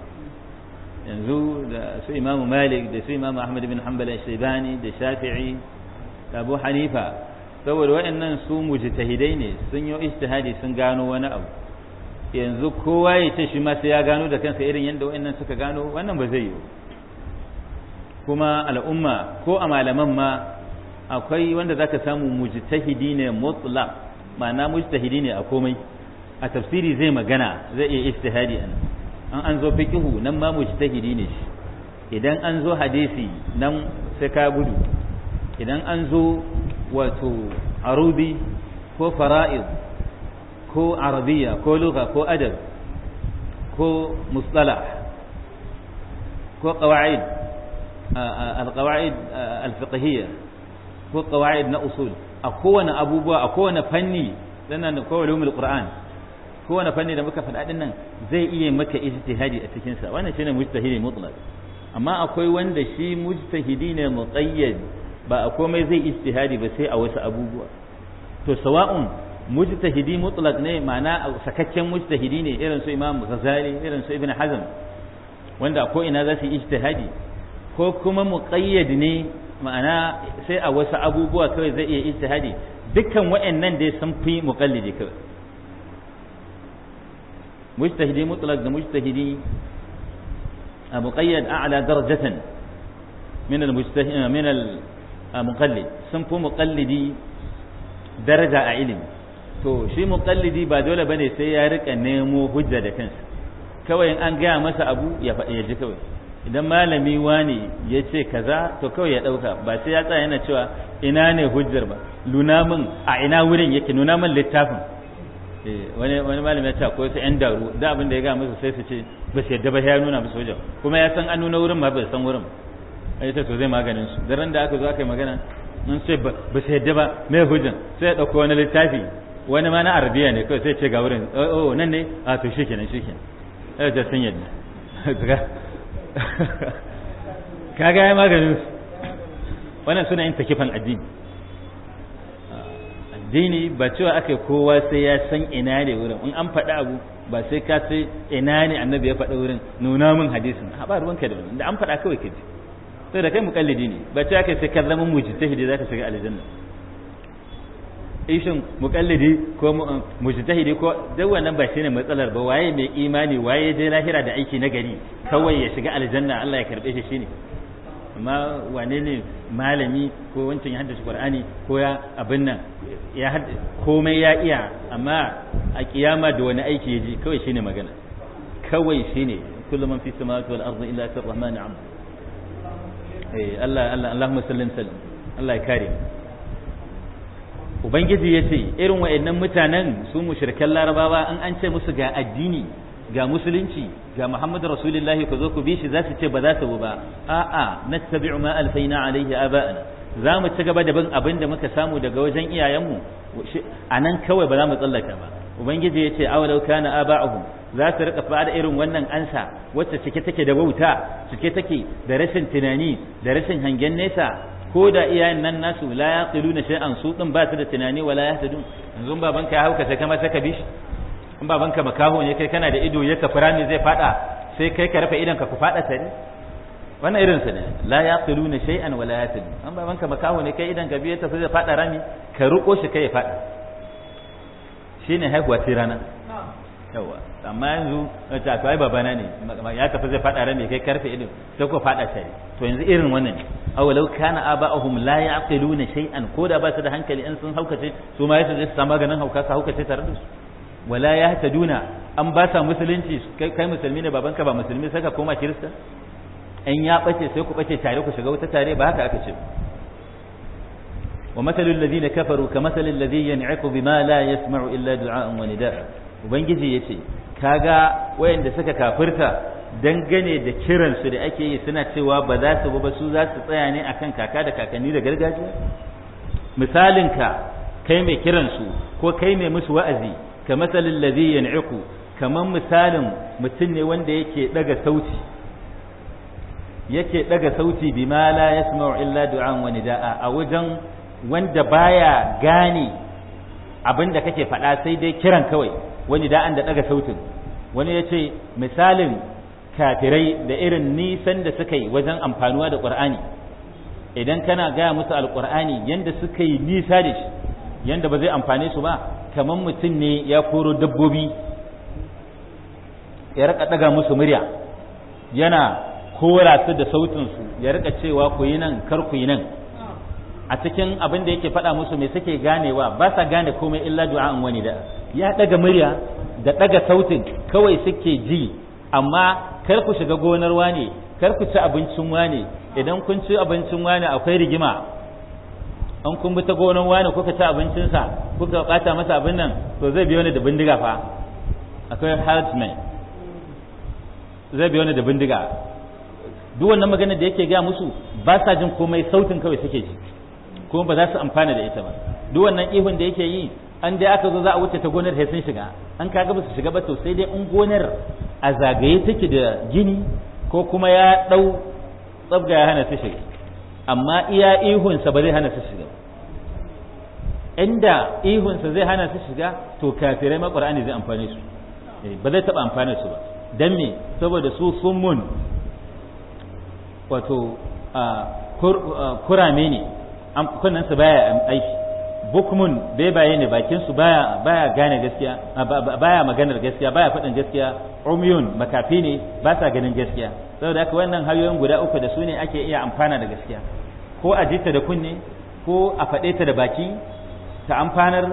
yanzu da su imamu malik da su imamu ahmad bin hanbal shaibani da shafi'i da abu hanifa saboda waɗannan su mujtahidai ne sun yi ijtihadi sun gano wani abu yanzu kowa ya ce shi ma sai ya gano da kansa irin yadda waɗannan suka gano wannan ba zai yi kuma al'umma ko a malaman ma akwai wanda zaka samu mujtahidi ne mutlaq ma'ana mujtahidi ne a komai a tafsiri zai magana zai iya istihadi an an an zo fiqhu nan ma mujtahidi ne shi idan an zo hadisi nan sai ka gudu idan an zo wato arubi ko fara'id ko arabiya ko lugha ko adab ko mustalah ko qawaid al qawaid al fiqhiyya ko qawaid na usul a kowane abubuwa a kowane fanni sannan da kowane lumul qur'an kowane fanni da muka faɗa nan zai iya maka ijtihadi a cikinsa sa wannan shine mujtahidi mutlaq amma akwai wanda shi mujtahidi ne muqayyad ba a komai zai ijtihadi ba sai a wasu abubuwa to sawa'un mujtahidi mutlaq ne ma'ana sakakken mujtahidi ne irin su imam ghazali irin su ibn hazm wanda ko ina za su yi ijtihadi ko kuma muqayyad ne ma'ana sai a wasu abubuwa kawai zai iya ijtihadi dukkan waɗannan dai sun fi muqallidi kawai mujtahidi mutlaq da mujtahidi a muqayyad a'la darajatan min al mujtahid min al muqallid sun fi muqallidi daraja a ilimi to shi muqallidi ba dole bane sai ya rika nemo hujja da kansa kawai in an gaya masa abu ya faɗi ya ji kawai idan malami wani ya ce kaza to kawai ya ɗauka ba sai ya tsaya yana cewa ina ne hujjar ba nuna min a ina wurin yake nuna min littafin eh, wani wani malami ya ce akwai su yan daru da abin da ya ga musu sai su ce ba sai da ba ya nuna musu wajen kuma ya san an nuna wurin ma bai san wurin ai ta to zai maganin su da ran da aka zo aka yi magana mun sai ba sai yadda ba mai hujjan sai ya dauko wani littafi wani ma na arabiya ne kawai sai ce ga wurin oh, oh nan ne a ah, to shikenan shikenan sai ta sun yadda kaga ya maganin su wannan suna yin takifan addini addini ba cewa aka kowa sai ya san ina ne wurin in an faɗi abu ba sai ka sai ina ne annabi ya faɗi wurin nuna min hadisin ha ba ruwanka da wannan da an faɗa kawai ka ji sai da kai mukallidi ne ba cewa kai sai ka zama mujtahidi zaka shiga aljanna ishin muqallidi ko um, mujtahidi ko duk wannan ba shine matsalar ba waye mai imani waye dai lahira da aiki nagari kawai ya shiga aljanna Allah ya karbe shi shine amma wane ne malami ko wancan ya haddace qur'ani ko ya abin nan ya komai ya iya amma a kiyama da wani aiki yaji kawai shine magana kawai shine kullu man fi samawati wal ardi illa ar-rahman abd eh Allah Allah Allahumma sallim sallim Allah ya kare ubangiji ya ce irin wa'annan mutanen su mushrikan larabawa in an ce musu ga addini ga musulunci ga muhammadu rasulullahi ku zo ku bi shi za su ce ba za su bu ba a'a nattabi'u ma alfaina alaihi aba'ana za mu ci gaba da bin abin da muka samu daga wajen iyayenmu a nan kawai ba za mu tsallaka ba ubangiji ya ce awalau kana aba'uhum za su rika fada irin wannan ansa wacce cike take da wauta cike take da rashin tunani da rashin hangen nesa ko da iyayen nan nasu la na shay'an su din ba su da tunani wala ya yahtadun yanzu babanka ya hauka sai kama saka bishi in babanka makaho ne kai kana da ido ya kafira ne zai fada sai kai ka rufe idan ka ku fada tare wannan irin su ne la na shay'an wala ya yahtadun in babanka makaho ne kai idan ka bi ta sai zai fada rami ka ruko shi kai ya fada shine haihuwa tirana yawa amma yanzu ta kai na ne ya tafi zai fada ran kai karfe ido sai ko fada ta to yanzu irin wannan aw law kana aba'uhum la ya'qiluna shay'an ko da ba su da hankali in sun haukace su ma yace su samu ganin hauka su haukace tare da su wala yahtaduna an ba sa musulunci kai musulmi ne babanka ba musulmi sai ka koma kirista in ya bace sai ku bace tare ku shiga wata tare ba haka aka ce ومثل الذين كفروا كمثل الذي ينعق بما لا يسمع إلا دعاء ونداء ubangiji ya ce kaga wayanda suka kafirta dangane da kiransu da ake yi suna cewa ba za su ba su za su tsaya ne akan kaka da kakanni da gargajiya misalinka kai mai kiransu ko kai mai musu wa'azi ka matsalin ladhi yan'iqu kaman misalin mutum ne wanda yake daga sauti yake daga sauti bima la yasma'u illa du'an wa nida'a a wajen wanda baya gane abin da kake faɗa sai dai kiran kawai wani an da daga sautin wani ya ce misalin kafirai da irin nisan da suka yi wajen amfanuwa da qur'ani idan kana gaya musu alƙur'ani yanda suka yi nisa da shi yanda ba zai amfane su ba kamar mutum ne ya koro dabbobi ya rika daga musu murya yana kora su da su ya rika cewa ku yi nan kar ku yi nan a cikin abin da yake faɗa musu mai suke ganewa ba sa gane komai illa du'a'an wani da ya daga murya da daga sautin kawai suke ji amma kar ku shiga gonar wane kar ku ci abincin wane idan kun ci abincin wane akwai rigima an kun bi ta gonar wane kuka ci abincinsa kuka bata masa abin nan to zai biyo ne da bindiga fa akwai harassment zai biyo ne da bindiga duk wannan magana da yake gaya musu ba sa jin komai sautin kawai suke ji kuma ba za su amfana da ita ba duk wannan ihun da yake yi an dai aka zo za a wuce ta gonar sai sun shiga an kaga ba su shiga ba to sai dai in gonar a zagaye take da gini ko kuma ya dau tsabga ya hana su shiga amma iya ihunsa ba zai hana su shiga inda ihunsa zai hana su shiga to kafirai ma qur'ani zai amfane su eh, ba zai taba amfane su ba dan me saboda su mun wato kurame ne kunnansa baya aiki bukmun bebaye ne bakin su baya baya gane gaskiya baya maganar gaskiya baya faɗin gaskiya umyun makafi ne ba sa ganin gaskiya saboda haka wannan hanyoyin guda uku da su ne ake iya amfana da gaskiya ko a jita da kunne ko a faɗe ta da baki ta amfanar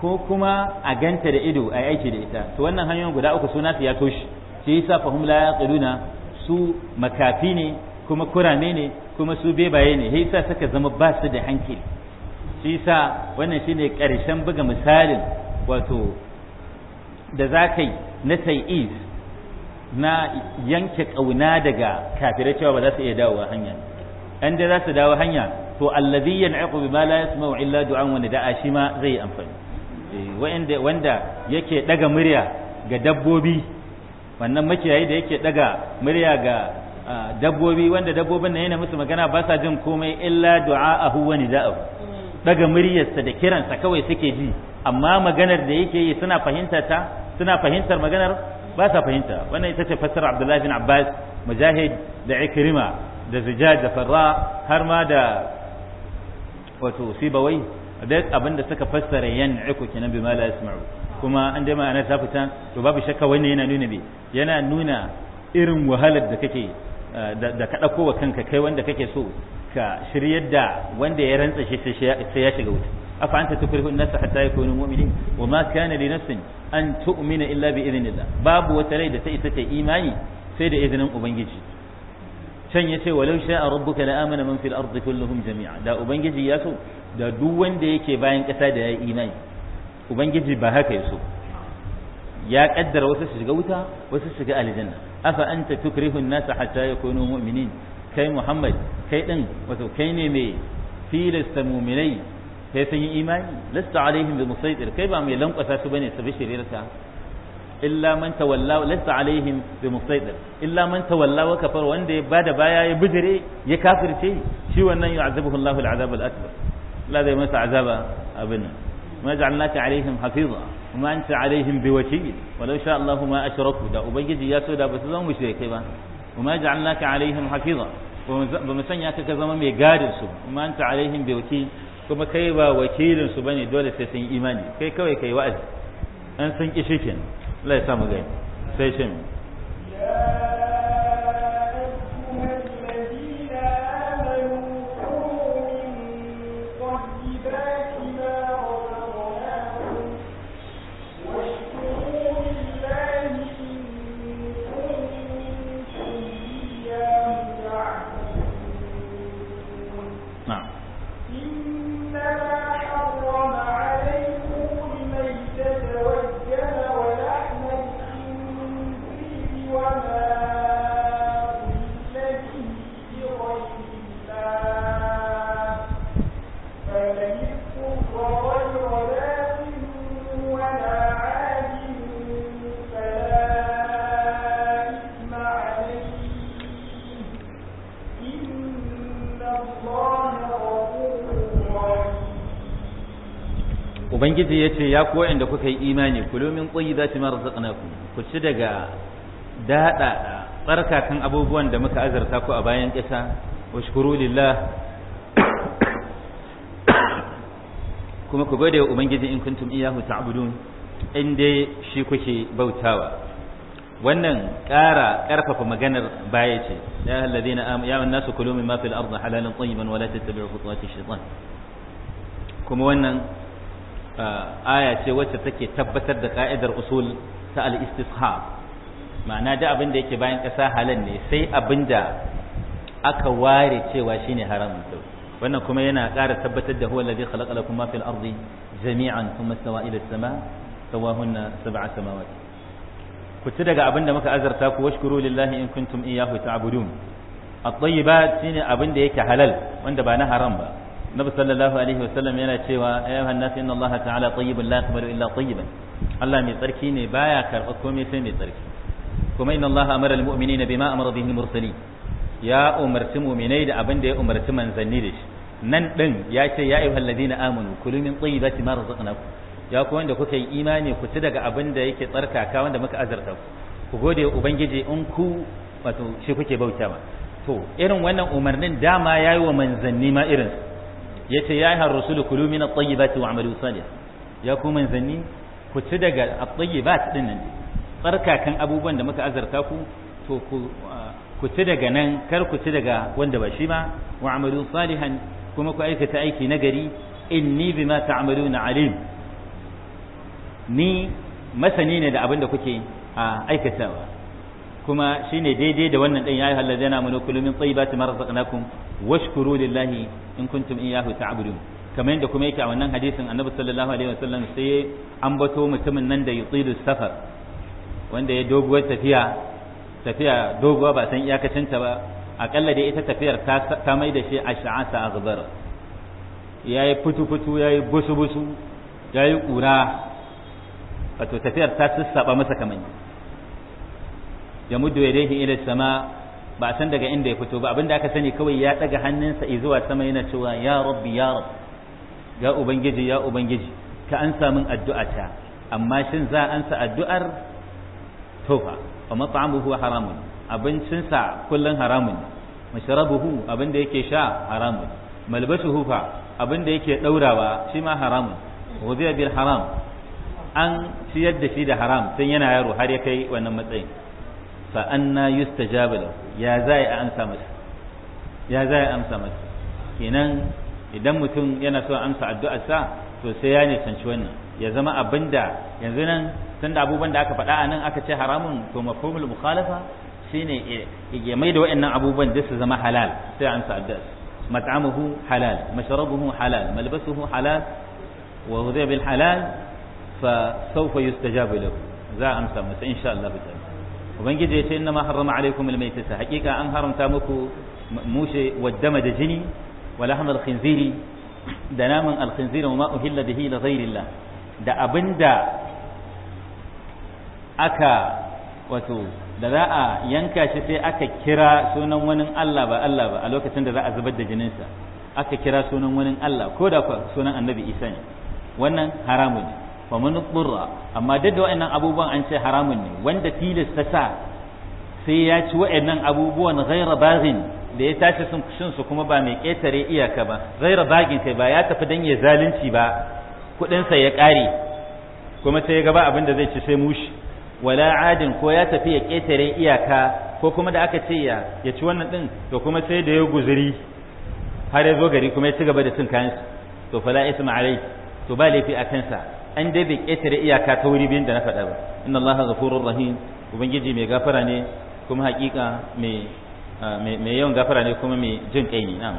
ko kuma a ganta da ido a aiki da ita to wannan hanyoyin guda uku suna su ya toshi shi yasa fahum la yaqiluna su makafi ne kuma kurame ne kuma su bebaye ne yasa suka zama ba su da hankali shi sa wannan shine ƙarshen buga misalin wato da za ka yi na tai'iz na yanke ƙauna daga kafirai cewa ba za su iya dawowa hanya an da za su dawo hanya to allazi yan'iqu bima la yasma'u illa du'an wa da'a shi ma zai yi amfani eh, wanda yake daga murya ga dabbobi wannan makiyayi da yake daga murya ga ah, dabbobi wanda dabbobin na yana musu magana ba sa jin komai illa du'a'ahu wa nida'ahu daga muryarsa da kiransa kawai suke ji amma maganar da yake yi suna fahimtar ta suna fahimtar maganar ba sa fahimta wannan ita ce fassara Abdullahi bin Abbas Mujahid da Ikrima da zujaj da Farra har ma da wato Sibawai da abinda suka fassara iku kenan bi mala yasma'u kuma an dai ma'ana ta fita to babu shakka wannan yana nuna bi yana nuna irin wahalar da kake eh, da ka dauko wa kanka kai wanda kake so ka shiryar da wanda ya rantsa shi sai ya shiga wuta afa anta tukrihu an-nas hatta yakunu mu'minin wa ma kana li nafsin an tu'mina illa bi idhnillah babu wata rai da ta isa ta imani sai da izinin ubangiji can yace walau sha'a rabbuka la amana man fil ardi kulluhum jami'a da ubangiji ya so da duk wanda yake bayan kasa da ya imani ubangiji ba haka ya so ya kaddara wasu su shiga wuta wasu su shiga aljanna afa anta tukrihu an-nas hatta yakunu mu'minin kai Muhammad kai din wato kai ne mai filasta muminai kai sun yi imani lasta alaihim bi musaitir kai ba mai lankwasa su bane su bi shirirka illa man tawalla lasta alaihim bi musaitir illa man tawalla wa kafar wanda ya bada baya ya bijire ya kafirce shi wannan yu'azibuhu Allahu al'azab al-akbar la zai masa azaba abin ما جعلناك عليهم حفيظا وما أنت عليهم بوكيل ولو شاء الله ما أشركوا دا أبيجي ياسو دا بس مشركي با وما جعلناك عليهم حفيظا ba mu sanya ka zama mai gadin su ma anta alaihim bi wakil kuma kai ba wakilin su bane dole sai sun imani kai kawai kai wa'azi an san kishikin Allah ya sa gani sai shin ubangiji ya ce ya ku inda kuka yi imani kulu za tayyibati mara zaɗana ku ku ci daga daɗa tsarkakan abubuwan da muka azarta ku a bayan ƙasa wa washkuru lillah kuma ku gode wa ubangiji in kuntum iyahu ta'budun in dai shi kuke bautawa wannan ƙara ƙarfafa maganar baya ce ya alladhina amanu ya annasu kulu mimma fil ardi halalan tayyiban wa la tattabi'u khutuwati shaytan kuma wannan aya ce wacce take tabbatar da ka'idar usul ta al-istishab ma'ana da abin da yake bayan ƙasa halal ne sai abin da aka ware cewa shine haramun to wannan kuma yana ƙara tabbatar da huwa allazi khalaqa lakum ma fil ardi jami'an thumma stawa ila as-sama' sawahunna sab'a samawat ku ci daga abin da muka azarta ku washkuru lillahi in kuntum iyyahu ta'budun at-tayyibat shine abin da yake halal wanda ba na haram ba nabi sallallahu alaihi wasallam yana cewa ayyuhan nas inna allaha ta'ala tayyibun la yaqbalu illa tayyiban Allah mai tsarki ne baya karba komai sai mai tsarki kuma inna allaha amara almu'minina bima amara bihi almursalin ya umarci mu'minai da abin da ya umarci manzanni da shi nan din ya ce ya ayyuhal ladina amanu kulu min tayyibati ma razaqnakum ya ku wanda kuka yi imani ku ci daga abin da yake tsarkaka wanda muka azarta ku gode wa ubangiji in ku wato shi kuke bauta to irin wannan umarnin dama yayi wa manzanni ma irin yace ya ayyuhar rusulu kulu min at-tayyibati wa'malu salihan ya ku manzanni ku ci daga at-tayyibat din nan kan abubuwan da muka azarta ku to ku ku ci daga nan kar ku ci daga wanda ba shi ba wa'malu salihan kuma ku aikata aiki nagari inni bima ta'maluna alim ni masani ne da abin da kuke aikatawa kuma shine daidai da wannan din yayi halazana mun kullu min tayyibati ma razaqnakum washkuru lillahi in kuntum iyyahu ta'budun kamar yadda kuma yake a wannan hadisin annabi sallallahu alaihi wasallam sai an bato mutumin nan da yutilu safar wanda ya doguwar tafiya tafiya doguwa ba san iyakacinta ba akalla dai ita tafiyar ta mai da shi ash'asa aghbar yayi futu futu yayi busu busu yayi kura wato tafiyar ta sissaba masa kamar ya ya yadayhi ila sama ba san daga inda ya fito ba abinda aka sani kawai ya daga hannunsa zuwa sama yana cewa ya rabbi ya rabbi ya ubangiji ya ubangiji ka an samun ta amma shin za an sa addu'ar tofa fa mat'amuhu haramun abincinsa kullun haramun mashrabuhu abin da yake sha haramun malbasuhu fa abin yake daurawa shi ma haramun wudiya bil haram an ciyar da shi da haram tun yana yaro har ya kai wannan matsayin فأنا يستجاب له يا زاي أمسى مس يا زاي أمسى مس كنن إذا متون ينسوا أمسى الدعاء سا سياني سنشونا يا زما أبندا ينزلن تند أبو بندا كفلا أنا أكتشي حرام ثم مفهوم المخالفة سيني يميدوا إن أبو بندا زما حلال سيا أمسى الدعاء مطعمه حلال مشربه حلال ملبسه حلال وهو بالحلال فسوف يستجاب له ذا أمسى مس إن شاء الله بتاعي. ubangiji ya ce inna ma harrama alaikum almaytata haqiqa an haramta muku mushe wadama da jini wa lahm alkhinziri da naman alkhinziri wa ma uhilla bihi li ghayrillah da abinda aka wato da za a yanka shi sai aka kira sunan wani Allah ba Allah ba a lokacin da za a zubar da jininsa aka kira sunan wani Allah ko da sunan annabi Isa ne wannan haramun ne fa man amma duk da waɗannan abubuwan an ce haramun ne wanda tilasta sa sai ya ci waɗannan abubuwan ghaira baghin da ya tashi sun su kuma ba mai ƙetare iyaka ba ghaira baghin kai ba ya tafi dan ya zalunci ba kudin sa ya kare kuma sai ya gaba abin da zai ci sai mushi wala adin ko ya tafi ya ƙetare iyaka ko kuma da aka ce ya ya ci wannan din to kuma sai da ya guzuri har ya zo gari kuma ya ci gaba da cin kayan to fala isma alai to ba laifi a kansa an dai bai ƙetare iyaka ta wuri biyun da na faɗa ba inna allaha ghafurur rahim ubangiji mai gafara ne kuma haƙiƙa mai ah, yawan gafara ne kuma mai jin kai ne na'am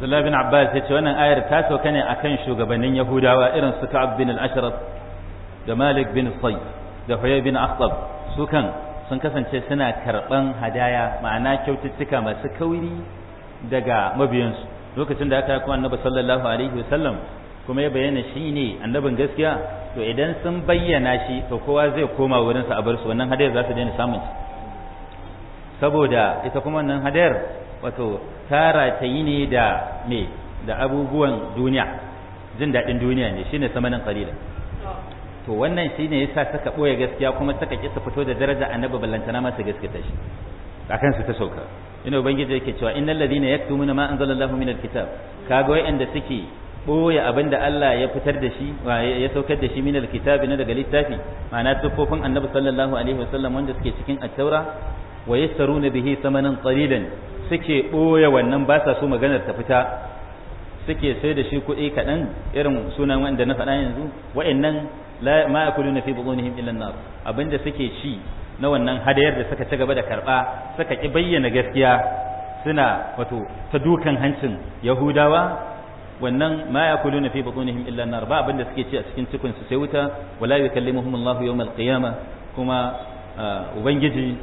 Abdullah bin Abbas ya ce wannan ayar ta sauka ne akan shugabannin Yahudawa irin su Ka'ab bin al-Ashraf da Malik bin Sayy da Huyay bin Akhtab su kan sun kasance suna karɓan hadaya ma'ana kyaututtuka masu kauri daga mabiyansu lokacin da aka kuma annabi sallallahu alaihi sallam kuma ya bayyana shi ne annabin gaskiya to idan sun bayyana shi to kowa zai koma wurinsa a bar su wannan hadayar za su daina samun saboda ita kuma wannan hadayar wato tara ta yi ne da me da abubuwan duniya jin daɗin duniya ne shine samanin qalila to wannan shine yasa suka boye gaskiya kuma suka ki su fito da daraja annabi ballantana ma su gaskata shi akan su ta sauka ina ubangiji yake cewa innal ladina yaktumuna ma anzalallahu minal kitab kaga wayanda suke boye abinda Allah ya fitar da shi ya saukar da shi minal kitabi na daga littafi ma'ana tuffofin annabi sallallahu alaihi wasallam wanda suke cikin at-taura wa yassaruna bihi samanan qalilan suke ɓoye wannan ba sa so maganar ta fita suke sai da shi kuɗi kaɗan irin sunan wanda na faɗa yanzu wa'annan la kudu na fi butunihim illa nar abinda suke ci na wannan hadayar da suka ci gaba da karba suka ki bayyana gaskiya suna wato ta dukan hancin yahudawa wannan ma na fi butunihim illa nar ba abinda suke ci a cikin cikin sai wuta wala yukallimuhum Allah yawm al-qiyama kuma ah, ubangiji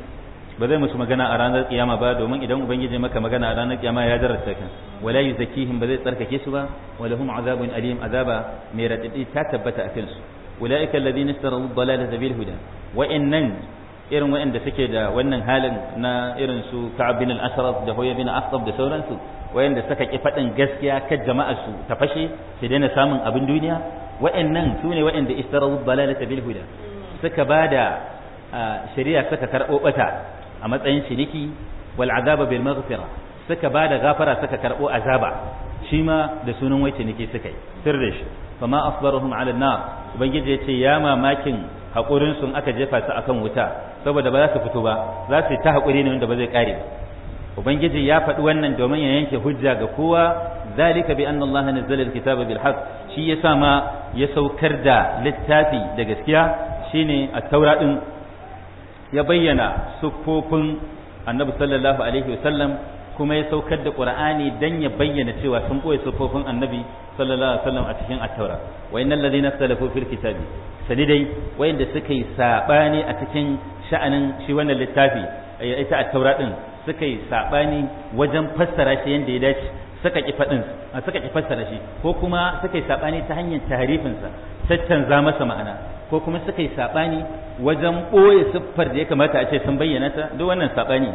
ba zai musu magana a ranar kiyama ba domin idan ubangiji maka magana a ranar kiyama ya darasta ka wala yuzakkihim ba zai tsarkake su ba wala lahum azabun alim azaba mai radadi ta tabbata a kansu ulaika alladhina istaraw dalalata bil huda wa innan irin waɗanda suke da wannan halin na irin su Ka'ab bin al da Huyay bin Akhtab da sauransu waɗanda suka ki faɗin gaskiya kan jama'ar su ta fashe su daina samun abin duniya waɗannan sune waanda waɗanda istarawu balalata bil huda suka bada ah, shari'a suka karɓo bata a matsayin ciniki wal azaba bil maghfira suka ba da gafara suka karbo azaba shi ma da sunan wai ciniki suka yi sirri shi fama asbaruhum ala nar ubangiji ya ce ya mamakin hakurin sun aka jefa su akan wuta saboda ba za su fito ba za su ta hakuri ne wanda ba zai kare ubangiji ya faɗi wannan domin ya yanke hujja ga kowa zalika bi anna allaha nazzala alkitaba bil haqq shi yasa ma ya saukar da littafi da gaskiya shine at-taura din ya bayyana siffofin annabi sallallahu alaihi wasallam kuma ya saukar da qur'ani dan ya bayyana cewa sun boye siffofin annabi sallallahu alaihi wasallam a cikin at-taura wa innal ladina ikhtalafu fil kitabi sani wayanda suka yi sabani a cikin sha'anin shi wannan littafi eh, ita at-taura din suka yi sabani wajen fassara shi yanda ya dace suka ki fadin suka ki fassara shi ko kuma suka yi sabani ta hanyar tahrifin sa za masa ma'ana ko kuma suka yi saɓani wajen ɓoye siffar da ya kamata a ce sun bayyana ta duk wannan saɓani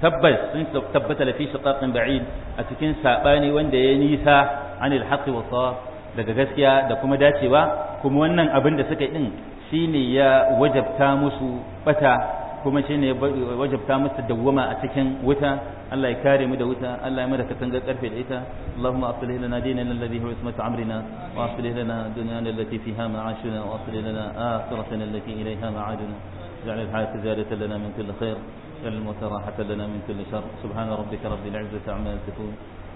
tabbas sun tabbata lafi shiqaqin ba'id a cikin saɓani wanda ya nisa anil haqqi wa sawab daga gaskiya da kuma dacewa kuma wannan abin da suka yi din shine ya wajabta musu bata kuma shine ya wajabta musu dawwama a cikin wuta Allah ya kare mu da wuta Allah ya mada katangar karfe da ita Allahumma aslih lana dinana alladhi huwa ismatu amrina wa aslih lana dunyana allati fiha ma'ashuna wa aslih lana akhiratana allati ilayha ma'aduna اجعل الحياة زيادة لنا من كل خير واجعل الموت راحة لنا من كل شر سبحان ربك رب العزة عما يصفون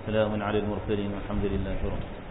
سلام على المرسلين والحمد لله رب العالمين